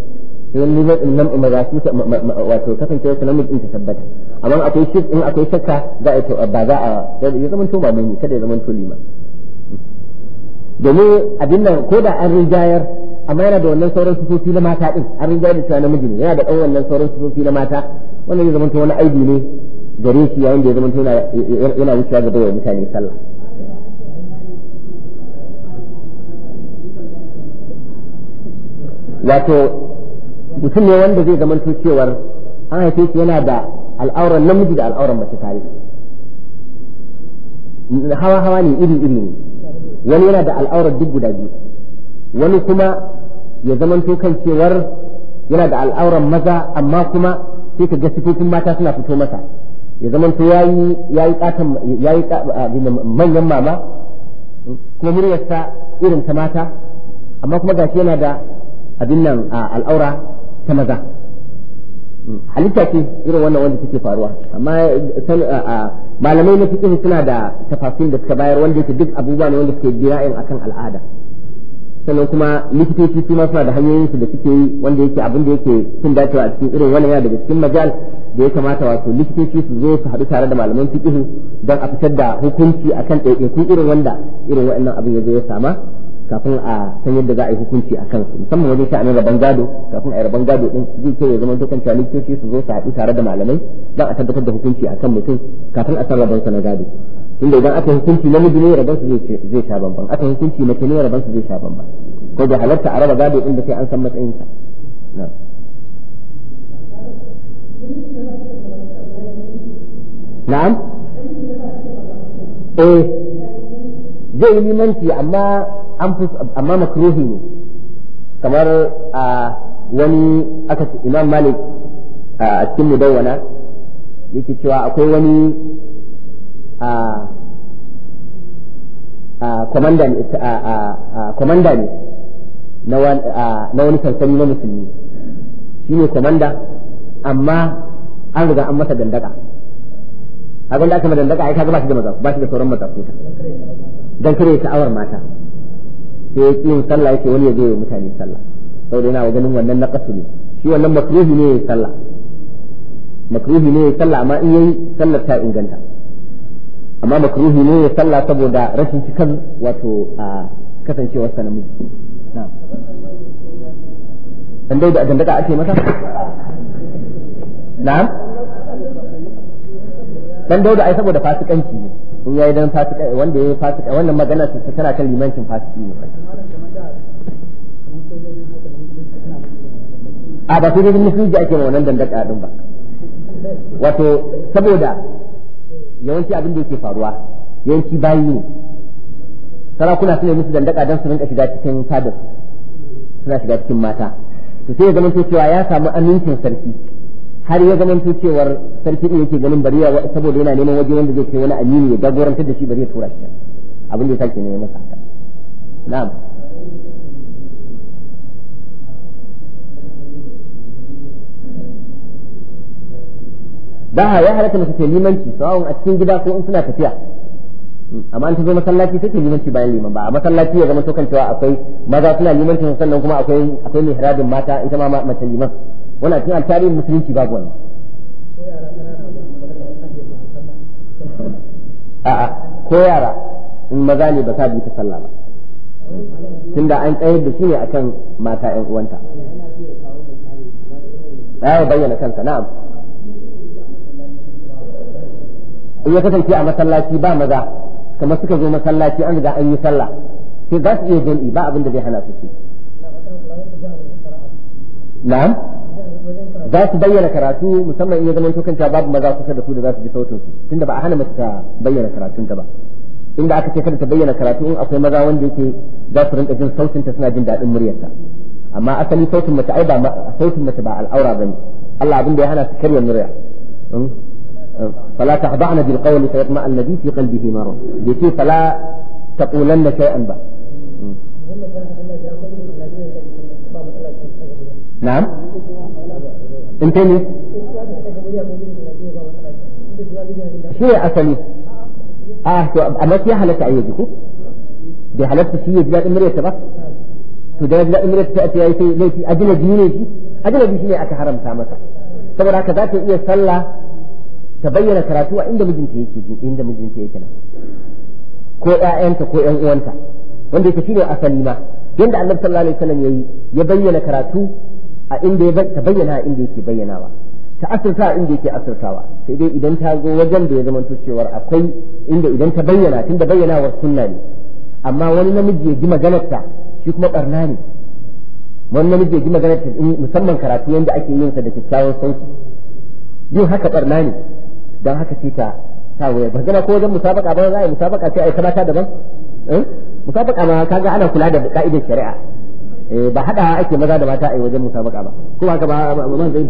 in liman nan maza su wato kasancewa su namiji in ta tabbata amma akwai shak in akwai shakka za a ba za a ya zama to ba mai kada ya zama to liman domin abin nan ko da an rijayar amma yana da wannan sauran sufofi na mata din an rinjaye da cewa namiji ne yana da ɗan wannan sauran sufofi na mata wannan ya zama to wani aibi ne gare shi yayin da ya zama to yana wucewa gaba wa mutane sallah wato mutum ne wanda zai zamanto cewar an haife shi yana da al'auran namiji da al'auran mace tare hawa hawa ne iri iri ne wani yana da al'auran duk guda biyu wani kuma ya zamanto kan cewar yana da al'auran maza amma kuma sai ka ga sifofin mata suna fito masa ya zamanto yayi yayi yayi manyan mama kuma muryarsa irin ta mata amma kuma gashi yana da abin nan al'aura ta maza halitta ce irin wannan wanda take faruwa amma malamai na fiqh suna da tafasun da suka bayar wanda yake duk abubuwa ne wanda suke bira'in akan al'ada sannan kuma likitoci su ma suna da hanyoyin su da suke yi wanda yake abin da yake sun dacewa a cikin irin wannan yana daga cikin majal da ya kamata wato likitoci su zo su haɗu tare da malaman fiqh don a fitar da hukunci akan ɗaiɗaikun irin wanda irin waɗannan abin ya zo ya sama kafin a san yadda za a yi hukunci a kansu musamman wajen sha'anin rabon gado kafin a yi rabon gado din zai ce ya zama dukkan shi su zo su haɗu tare da malamai don a tabbatar da hukunci a kan mutum kafin a san rabon sa na gado tunda idan aka hukunci na namiji ne rabon su zai sha bamban aka hukunci mace ne rabon su zai sha bamban ko da halarta a raba gado din da sai an san matsayin sa na'am eh zai yi limanci amma an amma makruhi ne kamar a wani aka ce imam malik a cikin mudawwana yake cewa akwai wani a komanda ne na wani sansani na musulmi shi ne komanda amma an riga an masa dandaka abinda aka ma dandaka ya kaga ba shi da maza ba shi da sauran don kira kare sha'awar mata sai ya yin sallah yake wani ya zo ya mutane sallah saboda yana ganin wannan na kasu ne shi wannan makruhi ne ya sallah makruhi ne ya sallah amma in yayi sallar ta inganta amma makruhi ne ya sallah saboda rashin cikan wato a kasancewar sa namiji na'am dan dai da dandaka ake masa na'am dan dauda ai saboda fasikanci ne in yayi dan fasika wanda yayi fasika wannan magana ce ta tana kan limancin fasiki ne a ba su dai musulunci ake ma wannan dandaka din ba wato saboda yawanci abin da yake faruwa yawanci bayi ne sarakuna suna musu dandaka don su rinka shiga cikin sadar suna shiga cikin mata to sai ya zama cewa ya samu amincin sarki har ya zama to cewar sarki din yake ganin bariya saboda yana neman waje wanda zai ce wani amini ya jagorantar da shi ba zai tura shi abin da ya sake ne masa haka na'am ba ya halatta mace ta limanci sawon a cikin gida ko in suna tafiya hmm, amma an ta zo masallaci take limanci bayan liman ba a masallaci ya zama to kan cewa akwai maza suna limanci sannan kuma akwai akwai mihrabin mata ita ma mace liman wannan cikin tarihin musulunci babu wani. a'a ko yara in maza ne ba ta bi ta sallah ba da an tsayar da shi ne akan mata 'yan uwanta ya bayyana kansa na'am in ya kasance a masallaci ba maza kamar suka zo masallaci an riga an yi sallah sai za su iya jam'i ba abin da zai hana su ci na'am za su bayyana karatu musamman in ya zama kanta babu maza kusa da su da za su ji sautin su tunda ba a hana mace ta bayyana karatun ta ba inda aka ce kada ta bayyana karatu in akwai maza wanda yake za su rinka jin sautin ta suna jin daɗin muryarta amma asali sautin mace ai ba sautin mace ba al'aura bane Allah abin da ya hana su karya murya فلا تخضعن بالقول فيطمع الذي في قلبه مرض بيتي فلا تقولن شيئا ba. نعم hmm? in ta shi ne asali a to amma ya halatta a yaji ko bai halatta shi ya ji daɗin muryarta ba to da daɗin muryarta ta yi sai laifi ajinabi ne shi ajinabi shi ne aka haramta masa saboda haka za ta iya sallah ta bayyana karatu a inda mijinta yake ji inda mijinta yake nan ko ƴaƴanta ko ƴan uwanta wanda yake shine asali ma yanda annabi sallallahu alaihi wasallam yi ya bayyana karatu a inda ya ta bayyana a inda yake bayyanawa ta asirta a inda yake asirtawa sai dai idan ta zo wajen da ya zama cewar akwai inda idan ta bayyana tunda bayyanawar sunna ne amma wani namiji ya ji maganarta shi kuma barna ne wani namiji ya ji maganarta musamman karatu yanda ake yin sa da kyakkyawan sauti yin haka barna ne don haka sai ta ta waya ba zana ko wajen musabaka ba za a yi musabaka sai a yi ta mata daban eh? musabaka ma kaga ana kula da ka'idar shari'a ba hada ake maza da mata a yi wajen musabaka ba kuma ka ba man zai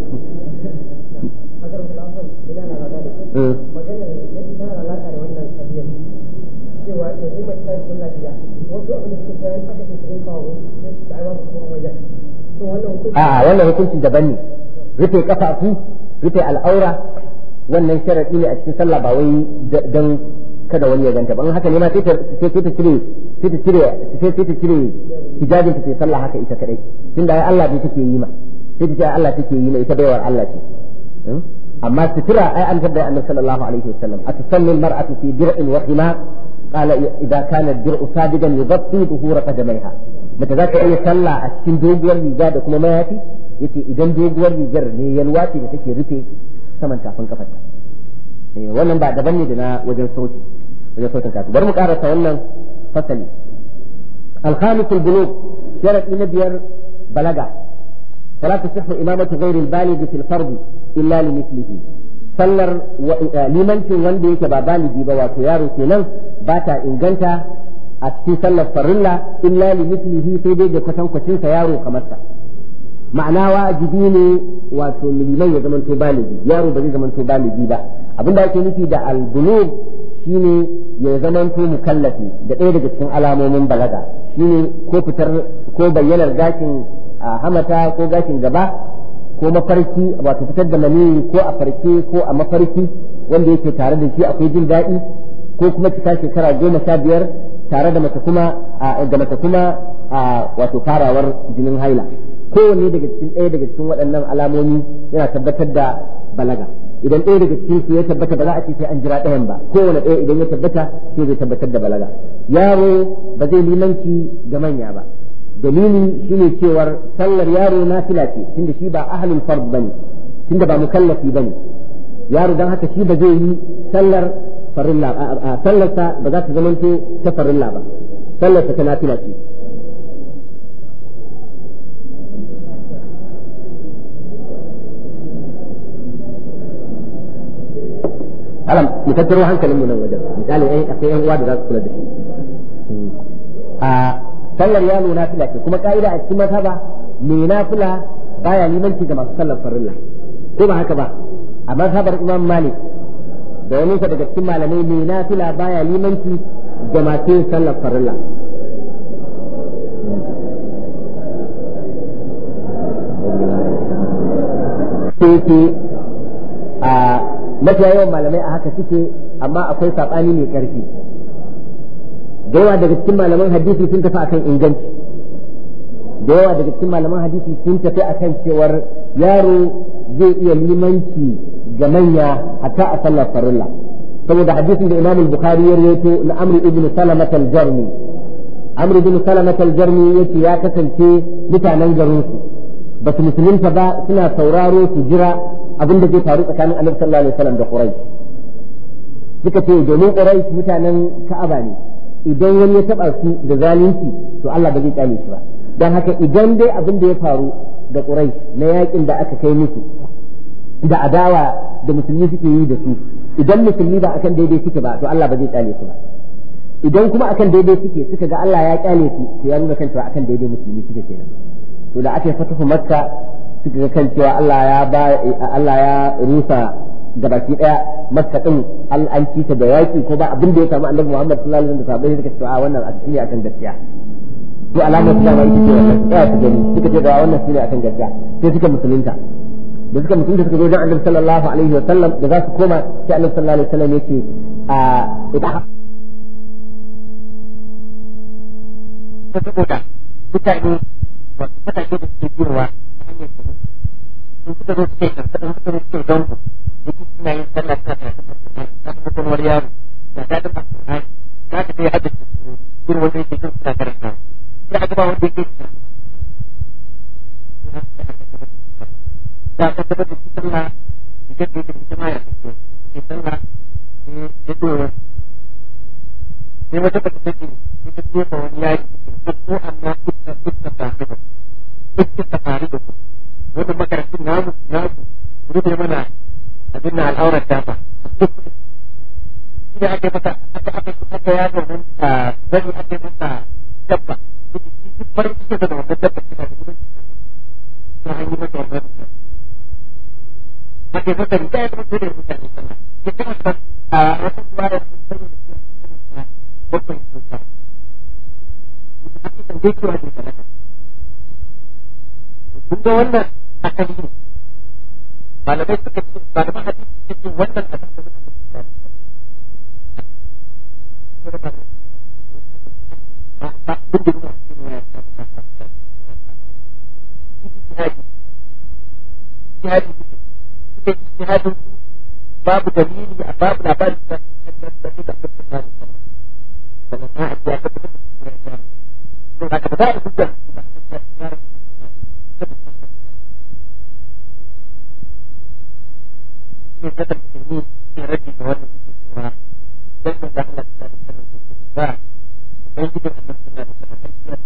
a wannan hukuncin daban ne rufe kafafu rufe al'aura wannan sharaɗi ne a cikin sallah ba wai don kada wani ya ganta ba in haka ne ma sai ta sai ta cire sai ta cire sai ta cire hijabin ta sai sallah haka ita kadai tunda ai Allah bai take yi ma sai ta ce Allah take yi ma ita baiwar Allah ce hmm? amma sutura ai an tabbai annabi sallallahu alaihi wasallam atasallu almar'atu fi dir'in wa khimar qala idza kana ad-dir'u sabidan yughatti dhuhura qadamaiha mace za ta iya sallah a cikin doguwar riga da kuma mayafi yace idan doguwar rigar ne yalwa ce da take rufe saman tafin kafarta eh, wannan ba daban ne da na wajen sauti ya sauka kafin bari mu karasa wannan fasali الخامس البلوغ شرط نبير بلغة فلا تصح إمامة غير البالغ في الفرض sallar eh, limancin wanda yake ba baligi ba wato yaro kenan ba ta inganta a cikin sallar farilla illa li mislihi sai dai ga kwatankwacin yaro kamar sa ma'ana wajibi ne wato liman ya zamanto baligi yaro ba zai zamanto baligi ba abinda ake nufi da albulug shine ya zamanto mukallafi da ɗaya daga cikin alamomin balaga shi ne ko fitar ko bayyanar gashin hamata ko gashin gaba ko mafarki wato fitar da maniyi ko a farke ko a mafarki wanda yake tare da shi akwai jin daɗi ko kuma cika shekara goma sha biyar tare da mace kuma da mace kuma wato farawar jinin haila kowanne daga cikin ɗaya daga cikin waɗannan alamomi yana tabbatar da balaga idan ɗaya daga cikin su ya tabbata ba za a ce sai an jira ɗayan ba kowane ɗaya idan ya tabbata sai zai tabbatar da balaga yaro ba zai limanci ga manya ba dalili shine cewar sallar yaro fila ce tunda shi ba ahlul fard bane tunda ba mukallafi bane yaro dan haka shi ba zai yi sallar farilla sallarsa ba za ta zamanto ta farilla ba sallarsa ta nafila ce alam mu tattaro hankalin mu nan wajen misali ai akwai yan uwa da za su kula da shi hmm. a sallar ya nuna fila ce kuma ka'ida a cikin mazhaba me na fila baya limanci ga masu sallar farilla ko ba haka ba a mazhabar imam malik da wani sa daga cikin malamai me na fila baya limanci ga masu sallar farilla hmm. sai a mafiya yawan malamai a haka suke amma akwai saɓani mai ƙarfi da yawa daga cikin malaman hadisi sun tafi akan inganci da yawa daga cikin malaman hadisi sun tafi akan cewar yaro zai iya limanci ga manya hatta a sallar farilla saboda hadisin da imamul bukhari ya rawaito na amr ibn salamat al-jarmi ibn salamat al-jarmi yake ya kasance mutanen garinsu su ba su musulunta ba suna sauraro su jira abin da zai faru tsakanin annabi sallallahu alaihi wasallam da quraish suka ce domin quraish mutanen ka'aba ne idan wani ya taba su da zalunci to Allah ba zai kyale shi ba dan haka idan dai abin da ya faru da quraish na yakin da aka kai musu da adawa da musulmi suke yi da su idan musulmi ba akan daidai suke ba to Allah ba zai kyale su ba idan kuma akan daidai suke suka ga Allah ya kyale su to ya nuna kan cewa akan daidai musulmi suke kenan to da aka yi fatahu makka suka kan cewa Allah ya ba Allah ya rusa gabaki daya makka din an ci ta da yaki ko ba abin da ya samu annabi Muhammad sallallahu alaihi wasallam da sahabbai suka ce a wannan asiri akan gaskiya to alama ta ma yake cewa ya ta gani suka ce ga wannan asiri akan gaskiya sai suka musulunta da suka musulunta suka zo wajen annabi sallallahu alaihi wasallam da za su koma sai annabi sallallahu alaihi wasallam yake a ita saboda mutane wasu kasashe da suke jirwa ne kenan sun zo suke in suka zo suke suna yin sallah suna ta kuma yaro da ta ta ta kai hadda wanda yake suna karanta sai a gaba wanda yake da ka tabbata da sallah da ta da ma da sai wata ta ta yaki ko amma kuka ta suke tafari da su wani makarantun namu namu rufe mana abin na al'aurar dafa shi da ake mata aka aka aka ya da a zani ake mata dabba shi farin cikin da wannan dabba kina da gudun ta hanyar mata wannan ake mata da ya kuma tsere mutane sana ke kuma san a wasu kuma ya sun sani da shi a cikin ta bakwai sun sa. Mutum ake kan gaisuwa da talaka. kun ga wannan asali ne malamai suka ce malaman hadisi suka ce wannan da suka babu dalili a babu labarin da da su da su da samun sama sannan ta ajiya ta da su da samun sama to haka ba za a hujja da su da tetap ini kira di bawah dari jiwa dan mendahulukan dari penuh jiwa dan juga amat benar terhadap dia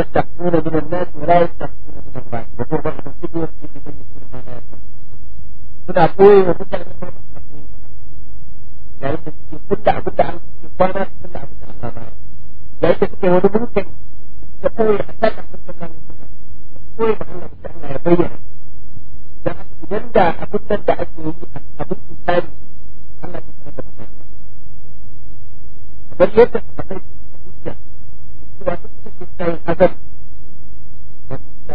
يستحقون من الناس ولا يستحقون من الله وهو بعض الكبر في بدن يكون حياته هنا أقول وبدع من المستحقين يعني بدع بدع عن الكبارات بدع بدع عن الله يعني تسكي ونبنك تقول حتى تحفظ الله من الله تقول محمد بدعنا يبين idan da abin nan da ake yi abin cuta a Allah ke sanar da mutane kamar yadda aka kai hujja cewa da ke kai azab da ya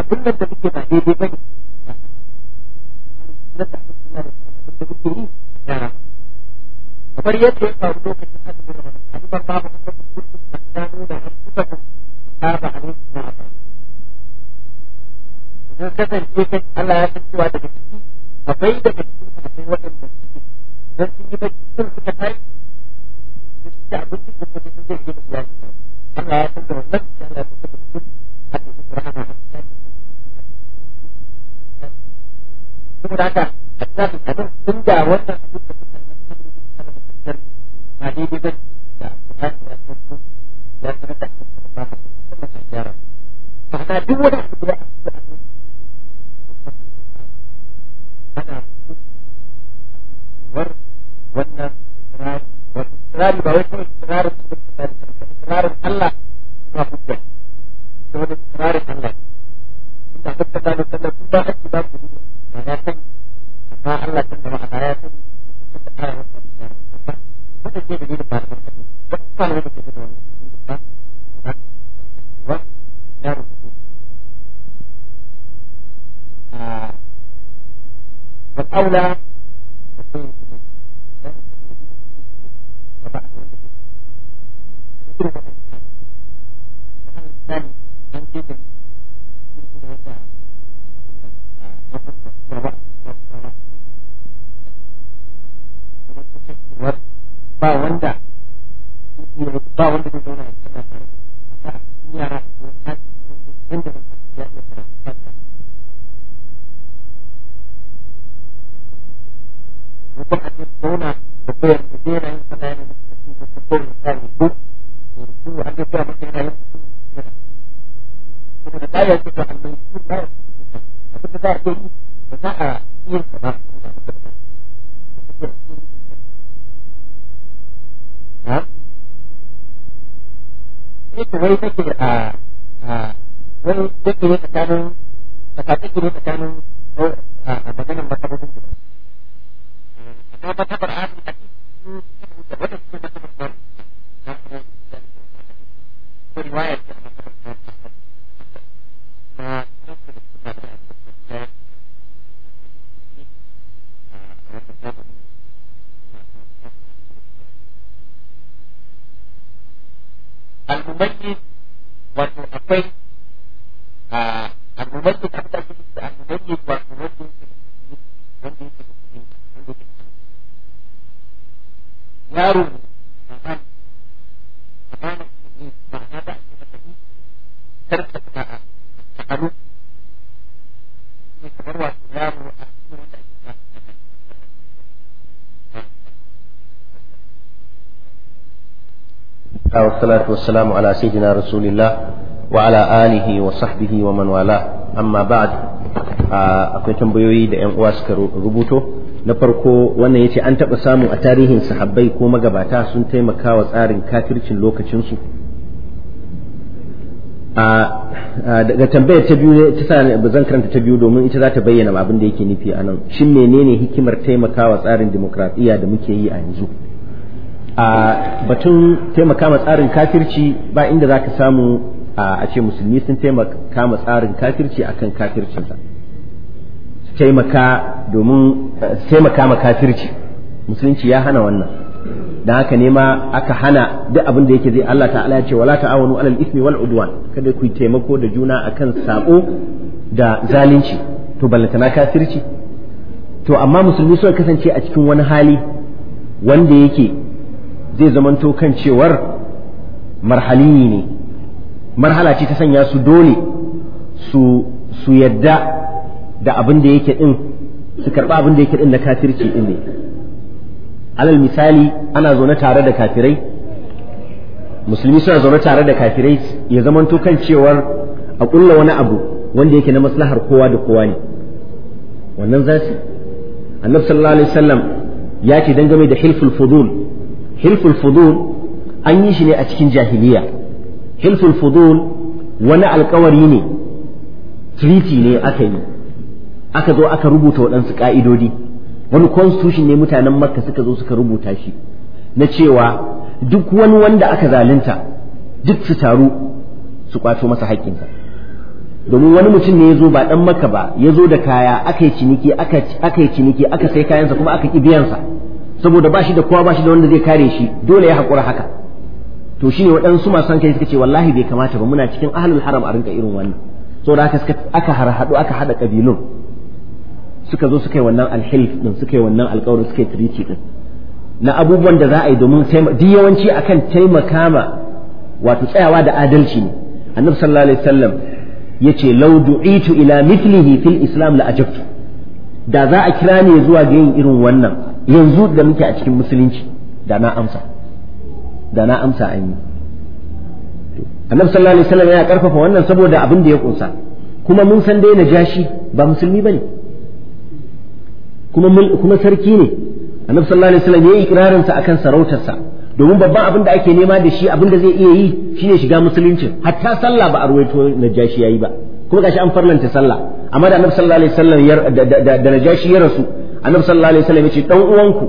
abin da muke ba daidai da kuke yara kamar yadda ya faru lokacin azumin ramadan babu haka da gano da an kuka ta ba a kasance Allah ya san daga ciki akwai daga cikin akwai waɗanda suke dan sun yi bacci sun suka tashi da kuma sun zai gina iyali ya san wannan Allah ya san da mutum a za su kada tun da wannan abu da suka nan kan da suka da cutar ba daidai ba da kuma ya tsoko ya tsara da kuma ba ka kuma sai gyara ba na duk wani abu da aka tsara ana war wannan ikirar wannan ikirar ba wai kawai ikirar su da ikirar Allah ba hujja saboda ikirar Allah inda aka tsara da sallah kun ba haƙƙi ba ku ba ya san amma Allah ta zama a baya sun da kare wasu da wata ce da gidan ba da wata da kuma wata ba ya rubutu a wataula ba wanda ba wanda zai zauna ya tana tare da a yara ko ta inda ba ya iya karatu mutum a cikin zauna da koyar da jera yin sana yana mutum da cikin da koyar da ne ko yanzu an ga kowa mutum yana yin mutum da jera kuma da kayan suka almai su ba ya suka abin da za a yi ba za a iya kama da abin da ba ne wai a wani yake ne tsakanin tsakatsaki ne tsakanin a maganin asin a cikin wata cikin da riwayar al wato akwai a al-mumayyiz abin da ake nufi da al-mumayyiz wato wanda yake da wanda yake da fahimta wanda yake da yaro a kaman kaman ne ma'ana da ake masa yi karka ta ta'alu ne kamar wato yaro والصلاة والسلام على سيدنا رسول الله wa آله وصحبه ومن والاه amma بعد akwai tambayoyi da 'yan uwa suka rubuto na farko wannan yace an taɓa samu a tarihin sahabbai ko magabata sun taimaka wa tsarin kafircin lokacinsu daga tambayar ta biyu ta sa zan karanta ta biyu domin ita za ta bayyana abin da yake nufi a nan shin menene hikimar taimakawa tsarin demokradiyya da muke yi a yanzu a batun taimaka tsarin kafirci ba inda za ka samu a ce musulmi sun taimaka ma tsarin kafirci akan kafircinsa taimaka domin eh, taimaka ma kafirci musulunci ya hana wannan da haka ne ma aka hana duk abin da yake zai Allah ta'ala ya ce wala ta'awanu alal ismi wal udwan kada ku taimako da juna akan sabo da zalunci to na kafirci to amma musulmi suka kasance a cikin wani hali wanda yake zai zamanto kan cewar marhali ne marhala ce ta sanya su dole su su yadda da abin da yake din su karɓa abin da yake din na kafirci din ne alal misali ana zaune tare da kafirai musulmi suna zaune tare da kafirai ya zamanto kan cewar a ƙulla wani abu wanda yake na maslahar kowa da kowa ne wannan za su annabi sallallahu alaihi wasallam ya ce dangane da hilful fudul hilful fudul an yi shi ne a cikin jahiliya hilful fudul wani alkawari ne treaty ne aka yi aka zo aka rubuta waɗansu ƙa'idodi wani constitution ne mutanen makka suka zo suka rubuta shi na cewa duk wani wanda aka zalunta duk su taru su kwato masa haƙƙinsa domin wani mutum ne ya zo ba ɗan makka ba ya zo da kaya aka yi ciniki aka ciniki aka sai kayansa kuma aka ƙi biyansa saboda bashi da kowa bashi da wanda zai kare shi dole ya haƙura haka to shine waɗansu masu kai suka ce wallahi bai kamata ba muna cikin ahlul haram a rinka irin wannan saboda haka suka aka harhaɗu aka haɗa ƙabilun suka zo suka yi wannan alhilf din suka yi wannan alƙawarin suka yi tiriti din na abubuwan da za a yi domin duk yawanci akan taimaka ma wato tsayawa da adalci ne annabi sallallahu alaihi wasallam yace law du'itu ila mithlihi fil islam la ajabtu da za a kira ne zuwa ga yin irin wannan yanzu da muke a cikin musulunci da na amsa da na amsa an yi annabi sallallahu alaihi wasallam ya karfafa wannan saboda abin da ya kunsa kuma mun san dai najashi ba musulmi bane kuma kuma sarki ne annabi sallallahu alaihi wasallam yayi ikrarin sa akan sarautarsa domin babban abin da ake nema da shi abin da zai iya yi shine shiga musulunci hatta sallah ba a ruwaito najashi yayi ba kuma gashi an farlanta sallah amma da annabi sallallahu alaihi wasallam da najashi ya rasu annabi sallallahu alaihi wasallam yace dan uwanku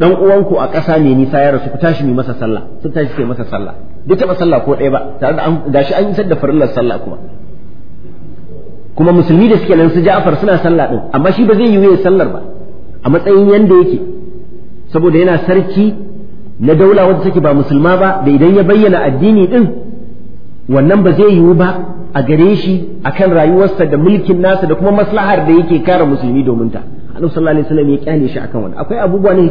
dan uwanku a ƙasa ne nisa ya rasu ku tashi mu masa sallah sun tashi sai masa sallah ta taba sallah ko ɗaya ba tare da gashi an isar da farillar sallah kuma kuma musulmi da suke nan su Ja'far suna sallah din amma shi ba zai yi waye sallar ba a matsayin yanda yake saboda yana sarki na daula wanda take ba musulma ba da idan ya bayyana addini din wannan ba zai yiwu ba a gare shi akan rayuwarsa da mulkin nasa da kuma maslahar da yake kare musulmi domin ta annabi sallallahu alaihi wasallam ya kyale shi akan wannan akwai abubuwa na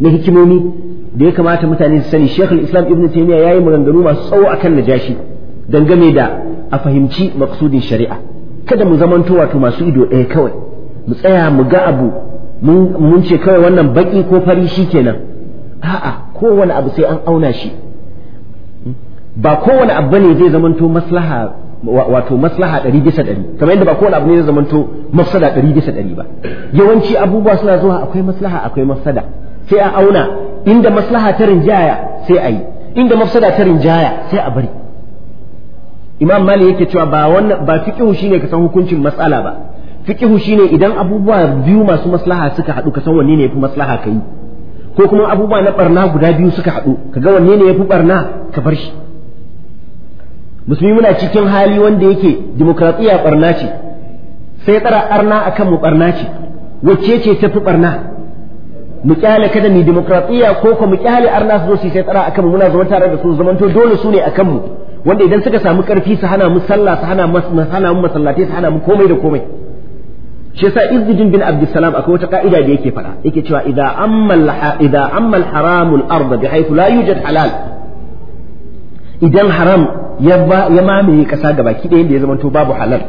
na hikimomi da ya kamata mutane su sani shekul islam ibn taymiya yayi maganganu masu tsawo akan najashi dangane da a fahimci maksudin shari'a kada mu zamanto wato masu ido ɗaya kawai mu tsaya mu ga abu mun ce kawai wannan baki ko fari shi kenan a'a kowane abu sai an auna shi ba kowane abu ne zai zamanto maslaha wato maslaha ɗari bisa ɗari kamar yadda ba kowane abu ne zai zamanto mafsada ɗari bisa ɗari ba yawanci abubuwa suna zuwa akwai maslaha akwai mafsada sai a auna inda maslaha ta rinjaya sai a yi inda mafsada ta rinjaya sai a bari imam mali yake cewa ba wannan ba fiqhu shine ka san hukuncin matsala ba fiqhu shine idan abubuwa biyu masu maslaha suka haɗu ka san wanne ne yafi maslaha kai ko kuma abubuwa na barna guda biyu suka haɗu kaga wanne ne yafi barna ka bar shi musulmi muna cikin hali wanda yake demokratiya barna ce sai tsara arna a kanmu barna ce wacce ce tafi barna mu kyale kada mu demokratiya ko ko mu kyale arna su zo su sai tsara akan mu muna zama tare da su zamanto dole su ne a kanmu. wanda idan suka samu karfi su hana mu sallah su hana mu hana mu masallatai su hana mu komai da komai shi yasa izzuddin bin abdussalam akwai wata ka'ida da yake faɗa yake cewa idan amma idza amma al-haramu al-ardh bihaythu la yujad halal idan haram ya mamaye kasa gabaki ɗaya da ya zamanto babu halal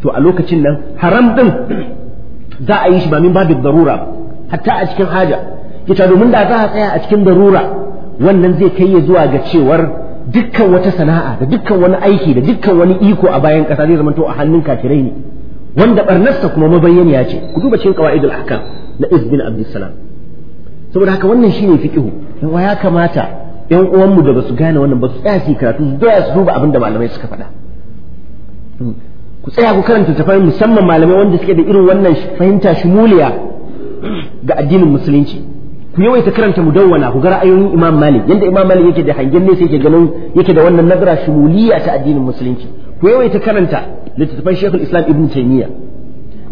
to a lokacin nan haram ɗin za a yi shi ba min babu darura hatta a cikin haja ita domin da za a tsaya a cikin darura wannan zai kai ya zuwa ga cewar dukkan wata sana'a da dukkan wani aiki da dukkan wani iko a bayan kasa zai zamanto a hannun kafirai ne wanda barnarsa kuma mabayyaniya ce ku duba cikin qawaidul ahkam na ibn abdussalam saboda haka wannan shine fiqhu wa ya kamata yan uwanmu da basu gane wannan ba su tsaya su karatu su doya su duba abin da malamai suka faɗa hmm. ku tsaya ku karanta tafai musamman malamai wanda suke da irin wannan fahimta shimuliya ga addinin musulunci ku yawaita karanta mudawwana ku ga ra'ayoyin Imam Malik yanda Imam Malik yake da hangen ne sai yake ganin yake da wannan nazara shimuliya ta addinin musulunci ku yawaita karanta littattafan Sheikhul Islam Ibn Taymiyyah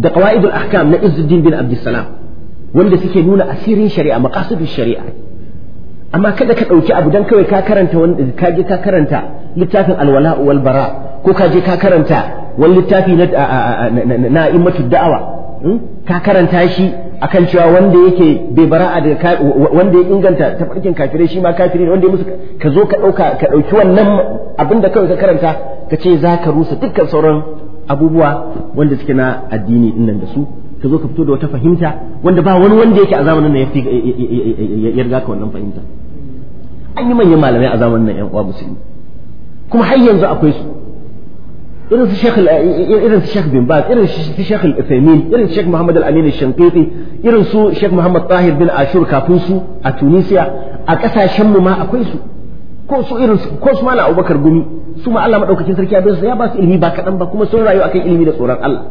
da qawaidul ahkam na Izzuddin bin Abdussalam wanda suke nuna asirin shari'a maqasidish shari'a amma kada ka ɗauki abu dan kawai ka karanta wani ka je ka karanta littafin alwala wal bara ko ka je ka karanta wani littafi na na immatu da'awa hmm? ka karanta shi akan cewa wanda yake bai bara'a da wanda ya inganta tafarkin kafirai shi ma kafiri ne wanda ya musu ka zo ka ɗauka ka ɗauki wannan abin da kawai ka karanta ka ce za ka rusa dukkan sauran abubuwa wanda suke na addini nan da su ka zo ka fito da wata fahimta wanda ba wani wanda yake a zamanin nan ya yarda ka wannan fahimta an yi manyan malamai a zamanin nan yan uwa musulmi kuma har yanzu akwai su irin su Sheikh irin su Sheikh bin Baz irin su Sheikh Al-Uthaymeen irin Sheikh Muhammad Al-Amin Al-Shanqiti irin su Sheikh Muhammad Tahir bin Ashur kafin su a Tunisia a kasashen mu ma akwai su ko su irin ko su Malam Abubakar Gumi su ma Allah madaukakin sarki ya bai su ya ba su ilimi ba kadan ba kuma sun rayu akan ilimi da tsoron Allah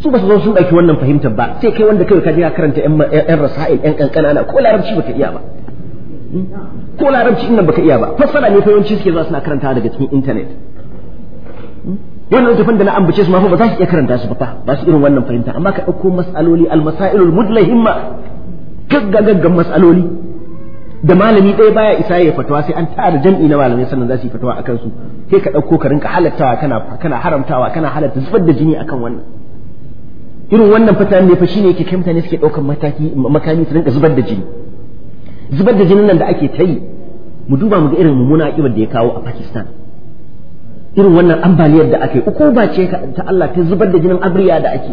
su ba su zo sun ɗauki wannan fahimtar ba sai kai wanda kai ka je ka karanta yan rasa'il yan kankana na ko larabci baka iya ba hmm? ko larabci in nan baka iya ba fassara ne yawanci suke zuwa suna karanta daga cikin intanet hmm? wannan littafin da na ambace su ma fa ba za su iya karanta su ba fa ba su irin wannan fahimta amma ka ɗauko mas'aloli al-masailul mudlahimma gaggagaggan mas'aloli da malami ɗaya baya isa ya fatawa sai an tara jam'i na malamai sannan za su yi fatawa akan su kai ka ɗauko ka rinka halattawa kana kana haramtawa kana halatta zubar da jini akan wannan irin wannan fata ne fa shine yake kai mutane suke ɗaukar mataki makami su rinka zubar da jini zubar da jinin nan da ake tai mu duba mu ga irin mummuna akibar da ya kawo a Pakistan irin wannan ambaliyar da ake uku ba ce ta Allah ta zubar da jinin abriya da ake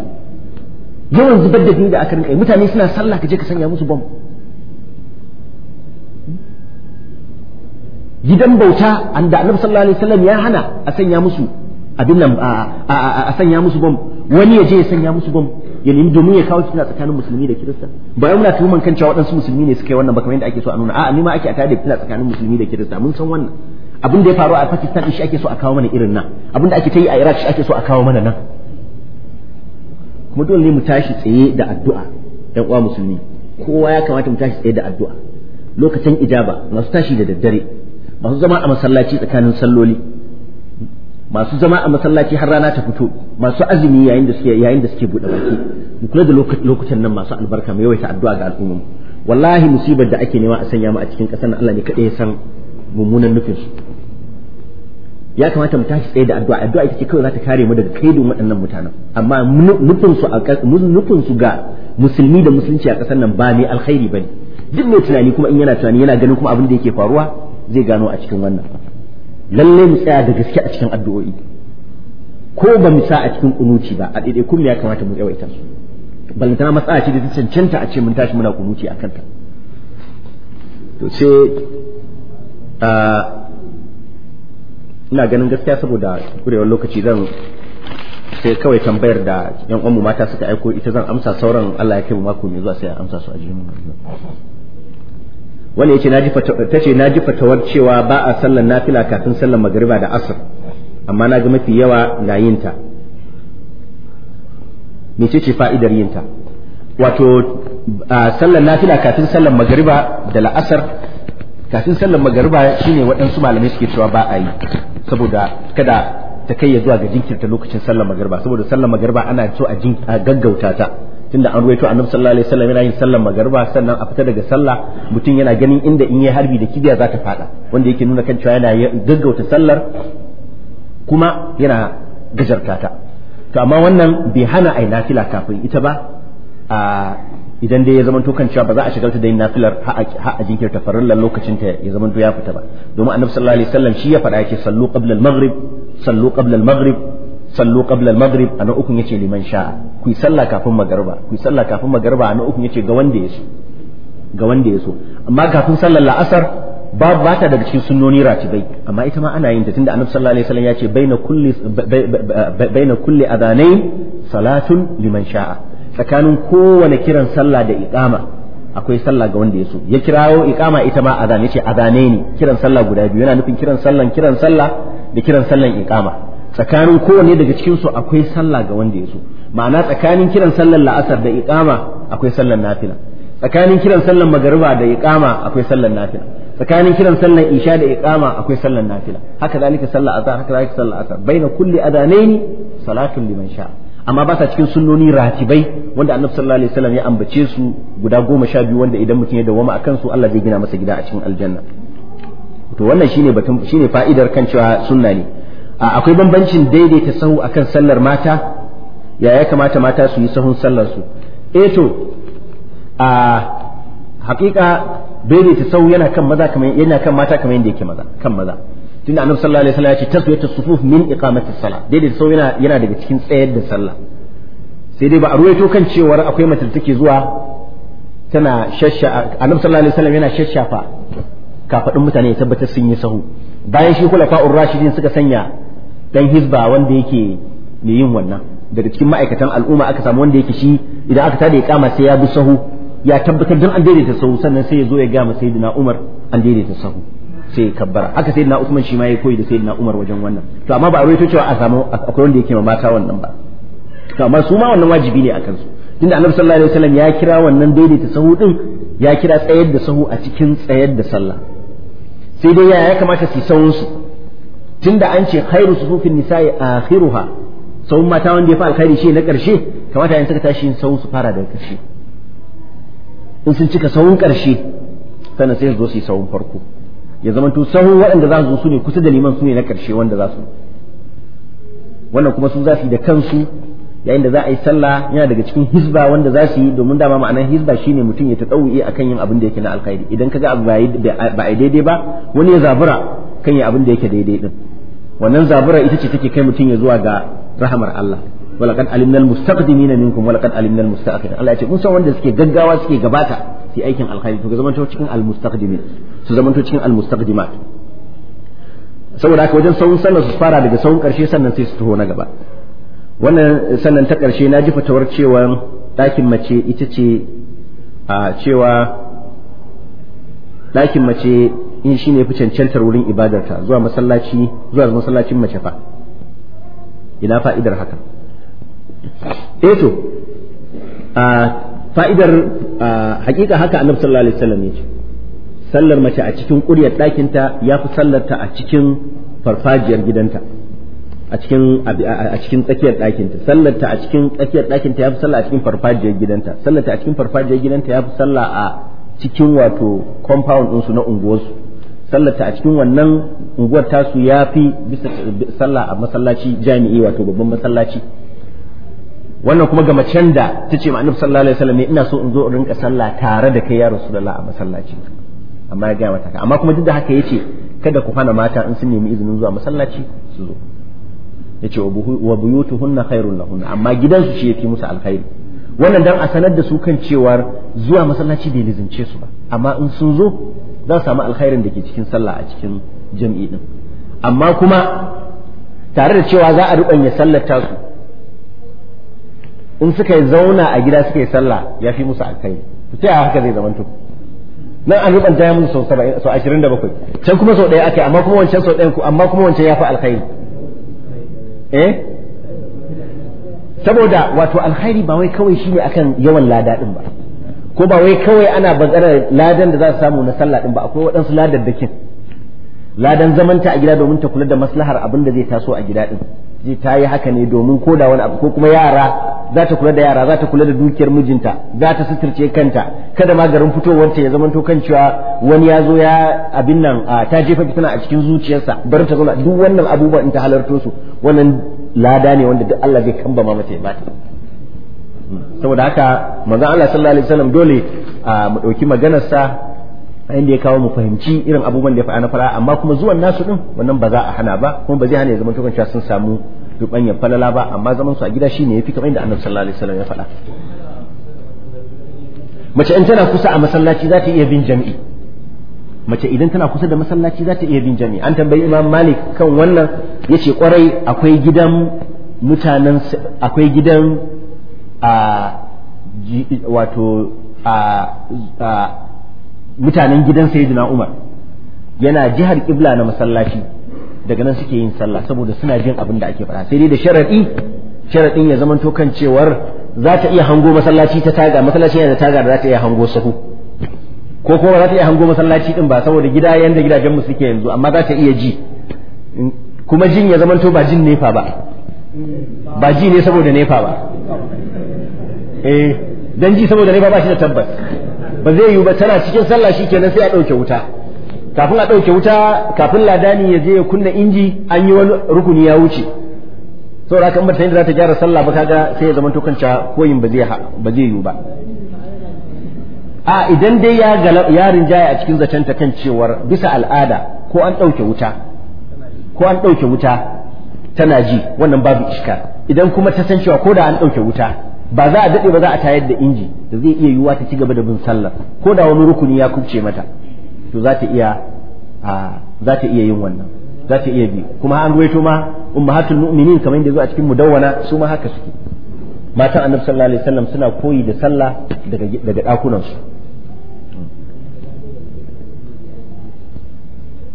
yawan zubar da jini da aka rinka mutane suna sallah ka je ka sanya musu bom gidan bauta da annabi sallallahu alaihi wasallam ya hana a sanya musu abin nan a sanya musu bom wani ya je ya sanya musu bom ya nemi domin ya kawo a tsakanin musulmi da kirista ba yau muna tuhuman kan cewa waɗansu musulmi ne suka yi wannan ba kamar yadda ake so a nuna a ni ma ake a tada fitina tsakanin musulmi da kirista mun san wannan abin da ya faru a Pakistan shi ake so a kawo mana irin nan abin da ake ta yi a Iraq shi ake so a kawo mana nan kuma dole ne mu tashi tsaye da addu'a ɗan uwa musulmi kowa ya kamata mu tashi tsaye da addu'a lokacin ijaba masu tashi da daddare masu zama a masallaci tsakanin salloli masu zama a masallaci har rana ta fito masu azumi yayin da suke yayin da suke bude baki mu kula da lokutan nan masu albarka mu yawaita addu'a ga al'umma wallahi musibar da ake nema a sanya mu a cikin kasar nan Allah ne kadai ya san mummunan nufin su ya kamata mu tashi tsaye da addu'a addu'a ita ce kawai za ta kare mu daga kaidun waɗannan mutanen amma nufin su nufin su ga musulmi da musulunci a kasar nan ba ne alkhairi bane duk mai tunani kuma in yana tunani yana ganin kuma abin da yake faruwa zai gano a cikin wannan Lallai mu tsaya da gaske a cikin addu'o'i ko ba mu sa a cikin kunuci ba a ɗaiɗaikun ya kamata mu yawaita su ta matsala ce da ta cancanta a ce mun tashi muna kunuci a kanta to sai ina ganin gaskiya saboda kurewar lokaci zan sai kawai tambayar da yan uwan mata suka aiko ita zan amsa sauran Allah ya kai mu mako mai zuwa sai a amsa su a mu. wani yace ce tace naji fatawar cewa ba a sallan nafila kafin sallan magriba da asr amma na ga mafi yawa na yin ta mecece fa'idar yin ta wato sallan nafila kafin sallan magriba da la'asar kafin sallan magariba shine waɗansu malamai suke cewa ba a yi saboda kada ta kai ya zuwa ga jinkirta lokacin sallan magariba saboda sallan magariba ana so a gaggauta ta tunda an ruwaito annabi sallallahu alaihi wasallam yana yin sallar magariba sannan a fita daga sallah mutum yana ganin inda in yi harbi da kibiya za ta fada wanda yake nuna kan cewa yana gaggauta sallar kuma yana gajarta ta to amma wannan bai hana ai nafila kafin ita ba a idan dai ya zamanto kan cewa ba za a shigalta da yin nafilar ha a jinkirta farillar lokacin ta ya zamanto ya fita ba domin annabi sallallahu alaihi wasallam shi ya faɗa yake sallu qabla al-maghrib sallu qabla al-maghrib sallu qabla al-maghrib ana ukun yace liman sha'a ku yi sallah kafin magariba ku yi sallah kafin magariba ana ukun yace ga wanda yaso ga wanda yaso amma kafin sallar la'asar babu ba ta daga cikin sunnoni ratibai amma ita ma ana yin ta tunda annabi sallallahu alaihi wasallam yace baina kulli baina kulli adanain salatun liman sha'a tsakanin kowane kiran sallah da iqama akwai sallah ga wanda ya so ya kirawo iqama ita ma azan yace azane ne kiran sallah guda biyu yana nufin kiran sallan kiran sallah da kiran sallan iqama tsakanin kowanne daga cikin su akwai sallah ga wanda ya so ma'ana tsakanin kiran sallar la'asar da iqama akwai sallar nafila tsakanin kiran sallar magariba da iqama akwai sallar nafila tsakanin kiran sallar isha da iqama akwai sallar nafila haka zalika sallar azhar haka zalika sallar asar baina kulli adanaini salatun liman sha amma ba sa cikin sunnoni ratibai wanda annabi sallallahu alaihi wasallam ya ambace su guda goma sha biyu wanda idan mutum ya dawwama akan su Allah zai gina masa gida a cikin aljanna to wannan shine batun shine fa'idar kan cewa sunna ne akwai bambancin daidaita sahu akan sallar mata ya ya kamata mata su yi sahun sallar su eh to a haƙiƙa daidaita sahu yana kan maza kamar yana kan mata kamar yadda yake maza kan maza tunda annabi sallallahu alaihi wasallam ya ce taswiyatu sufuf min iqamati salat daidaita sahu yana yana daga cikin tsayar da sallah sai dai ba a ruwaito kan cewar akwai mace take zuwa tana shasha annabi sallallahu alaihi wasallam yana shashafa kafadin mutane ya tabbatar sun yi sahu bayan shi kula fa'ur rashidin suka sanya dan hizba wanda yake mai yin wannan daga cikin ma'aikatan al'umma aka samu wanda yake shi idan aka tada kama sai ya bi sahu ya tabbatar dan an daidaita sahu sannan sai ya zo ya ga ma sayyidina Umar an daidaita sahu sai ya kabbara haka sayyidina Usman shi ma ya koyi da sayyidina Umar wajen wannan to amma ba a rawaito cewa a samu akwai wanda yake ma mata wannan ba to amma su ma wannan wajibi ne akan su tunda Annabi sallallahu alaihi wasallam ya kira wannan daidaita sahu din ya kira tsayar da sahu a cikin tsayar da sallah sai dai ya kamata su sawun su tunda an ce khairu sufufin nisa'i akhiruha sau mata wanda ya fi alkhairi shi na ƙarshe kamata yin suka tashi yin sau su fara daga ƙarshe in sun cika sauun ƙarshe sannan sai su zo su yi farko ya to sahun waɗanda za su zo su ne kusa da liman su ne na ƙarshe wanda za su wannan kuma su za su yi da kansu yayin da za a yi sallah yana daga cikin hizba wanda za su yi domin dama ma'anar hizba shine mutum ya ta taɗau'i a kan yin abin da yake na alkhairi idan ka ga abu ba a daidai ba wani ya zabura kan yin abin da yake daidai din wannan zabura ita ce take kai mutum ya zuwa ga rahamar Allah walaqad alimna almustaqdimin minkum walaqad alimna almustaakhirin Allah ya ce mun san wanda suke gaggawa suke gabata su aikin alkhairi to zamanto cikin almustaqdimin su zamanto cikin almustaqdimat saboda haka wajen sauran sallar su fara daga sauran karshe sannan sai su taho na gaba wannan sannan ta karshe na ji fatawar cewa ɗakin mace ita ce a cewa ɗakin mace in shi ne fi cancantar wurin ibadarta zuwa masallaci zuwa masallacin mace fa ina fa'idar haka eh to a fa'idar hakika haka annabi sallallahu alaihi wasallam yace sallar mace a cikin ƙuryar ɗakinta ya fi sallarta a cikin farfajiyar gidanta a cikin a cikin tsakiyar ɗakinta sallarta a cikin tsakiyar ɗakinta ya fi sallah a cikin farfajiyar gidanta sallarta a cikin farfajiyar gidanta ya fi sallah a cikin wato compound ɗinsu na unguwarsu sallata a cikin wannan unguwar tasu ya fi bisa sallah a masallaci jami'i wato babban masallaci wannan kuma ga macen da ta ce ma'anar sallallahu alaihi wasallam ina so in zo in rinka sallah tare da kai ya rasulullah a masallaci amma ya gaya mata ka amma kuma duk da haka yace kada ku hana mata in sun nemi izinin zuwa masallaci su zo yace wa buyutuhunna khairul lahun amma gidansu shi yake musu alkhairi wannan dan a sanar da su kan cewar zuwa masallaci bai lizince su ba amma in sun zo za su samu alkhairin da ke cikin sallah a cikin jam'i din amma kuma tare da cewa za a ruɓanya sallata su in suka zauna a gida suka yi sallah ya fi musu alkhairi ta yaya haka zai to nan an ruɓanta ya musu sau ashirin da bakwai can kuma sau ɗaya ake amma kuma wancan sau ɗayan amma kuma wancan ya fi alkhairi eh saboda wato alkhairi ba wai kawai shine akan yawan lada din ba ko ba wai kawai ana bazarar ladan da za su samu na sallah din ba akwai waɗansu ladaddakin ladan zamanta a gida domin ta kula da maslahar abin da zai taso a gida din zai ta yi haka ne domin ko da wani abu ko kuma yara za ta kula da yara za ta kula da dukiyar mijinta za ta suturce kanta kada ma garin fitowarta ya zamanto kan cewa wani ya zo ya abin nan ta jefa fitina a cikin zuciyarsa bar ta zauna duk wannan abubuwan in ta halarto su wannan lada ne wanda duk Allah zai kambama mata ya bata saboda haka manzon Allah sallallahu alaihi wasallam dole mu dauki maganar sa inda ya kawo mu fahimci irin abubuwan da ya faɗa na fara amma kuma zuwan nasu din wannan ba za a hana ba kuma ba zai hana ya zama tukun cewa sun samu rubanyar falala ba amma zaman su a gida shine yafi kamar inda Annabi sallallahu alaihi wasallam ya faɗa mace in tana kusa a masallaci za ta iya bin jami'i mace idan tana kusa da masallaci za ta iya bin jami'i an tambayi imam malik kan wannan ya ce kwarai akwai gidan mutanen akwai gidan a wato a mutanen gidan sayyidina umar yana jihar kibla na masallaci daga nan suke yin sallah saboda suna jin abin da ake faɗa sai dai da sharaɗi sharaɗin ya zamanto kan cewar za ta iya hango masallaci ta taga masallaci yana da taga da za ta iya hango sahu ko kuma za ta iya hango masallaci din ba saboda gida yanda gidajen mu suke yanzu amma za ta iya ji kuma jin ya zamanto ba jin nefa ba ba ji ne saboda nefa ba eh dan ji saboda nefa ba shi da tabbas ba zai yiwu ba tana cikin sallah shi kenan sai a ɗauke wuta kafin a ɗauke wuta kafin ladani ya je ya kunna inji an yi wani rukuni ya wuce saboda haka in ba ta yadda za ta gyara sallah ba kaga sai ya zamanto kanta koyin ba zai ba zai yiwu ba a idan dai ya ya rinjaya a cikin zaton ta kan cewar bisa al'ada ko an ɗauke wuta ko an ɗauke wuta tana ji wannan babu iska idan kuma ta san cewa ko da an ɗauke wuta ba za a daɗe ba za a tayar da inji da zai iya yiwuwa ta ci gaba da bin sallar ko da wani rukuni ya kubce mata to za ta iya za ta iya yin wannan za ta iya bi kuma an ruwaito ma ummahatul mu'minin kamar yadda zo a cikin mudawwana su ma haka suke matan annabi sallallahu alaihi wasallam suna koyi da sallah daga daga dakunan su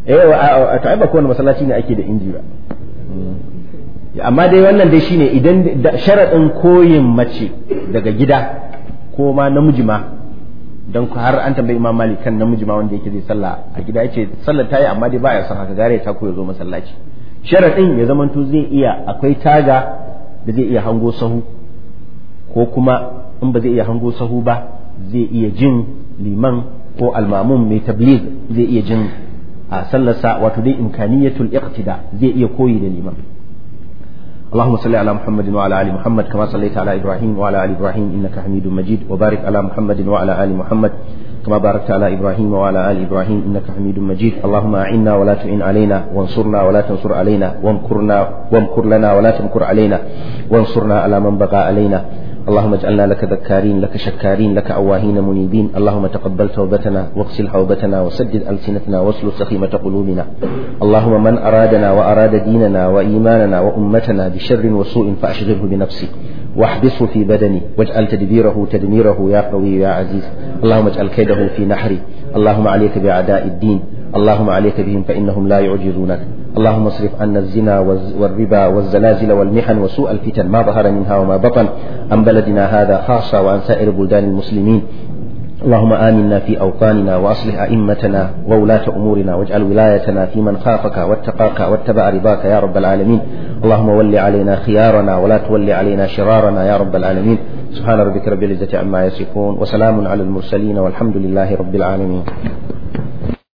eh a ta ba masallaci ne ake da inji ba amma dai wannan dai shine idan sharaɗin koyin mace daga gida ko ma namiji ma don har an tambayi imam malik kan namiji ma wanda yake zai sallah a gida yace sallar tayi amma dai baya san haka gare ta ko ya zo masallaci sharaɗin ya zamanto zai iya akwai taga da zai iya hango sahu ko kuma in ba zai iya hango sahu ba zai iya jin liman ko almamun mai tabligh zai iya jin a sallarsa wato dai imkaniyatul iqtida zai iya koyi da liman اللهم صل على محمد وعلى ال محمد كما صليت على ابراهيم وعلى ال ابراهيم انك حميد مجيد وبارك على محمد وعلى ال محمد كما باركت على إبراهيم وعلى آل إبراهيم إنك حميد مجيد اللهم أعنا ولا تعن علينا وانصرنا ولا تنصر علينا وامكرنا وامكر لنا ولا تمكر علينا وانصرنا على من بغى علينا اللهم اجعلنا لك ذكارين لك شكارين لك أواهين منيبين اللهم تقبل توبتنا واغسل حوبتنا وسدد ألسنتنا واسلل سخيمة قلوبنا اللهم من أرادنا وأراد ديننا وإيماننا وأمتنا بشر وسوء فأشغله بنفسه واحبسه في بدني واجعل تدبيره تدميره يا قوي يا عزيز اللهم اجعل كيده في نحري اللهم عليك بأعداء الدين اللهم عليك بهم فإنهم لا يعجزونك اللهم اصرف عنا الزنا والربا والزلازل والمحن وسوء الفتن ما ظهر منها وما بطن عن بلدنا هذا خاصة وعن سائر بلدان المسلمين اللهم آمنا في أوطاننا وأصلح أئمتنا وولاة أمورنا واجعل ولايتنا في من خافك واتقاك واتبع رضاك يا رب العالمين اللهم ول علينا خيارنا ولا تول علينا شرارنا يا رب العالمين سبحان ربك رب العزة عما يصفون وسلام على المرسلين والحمد لله رب العالمين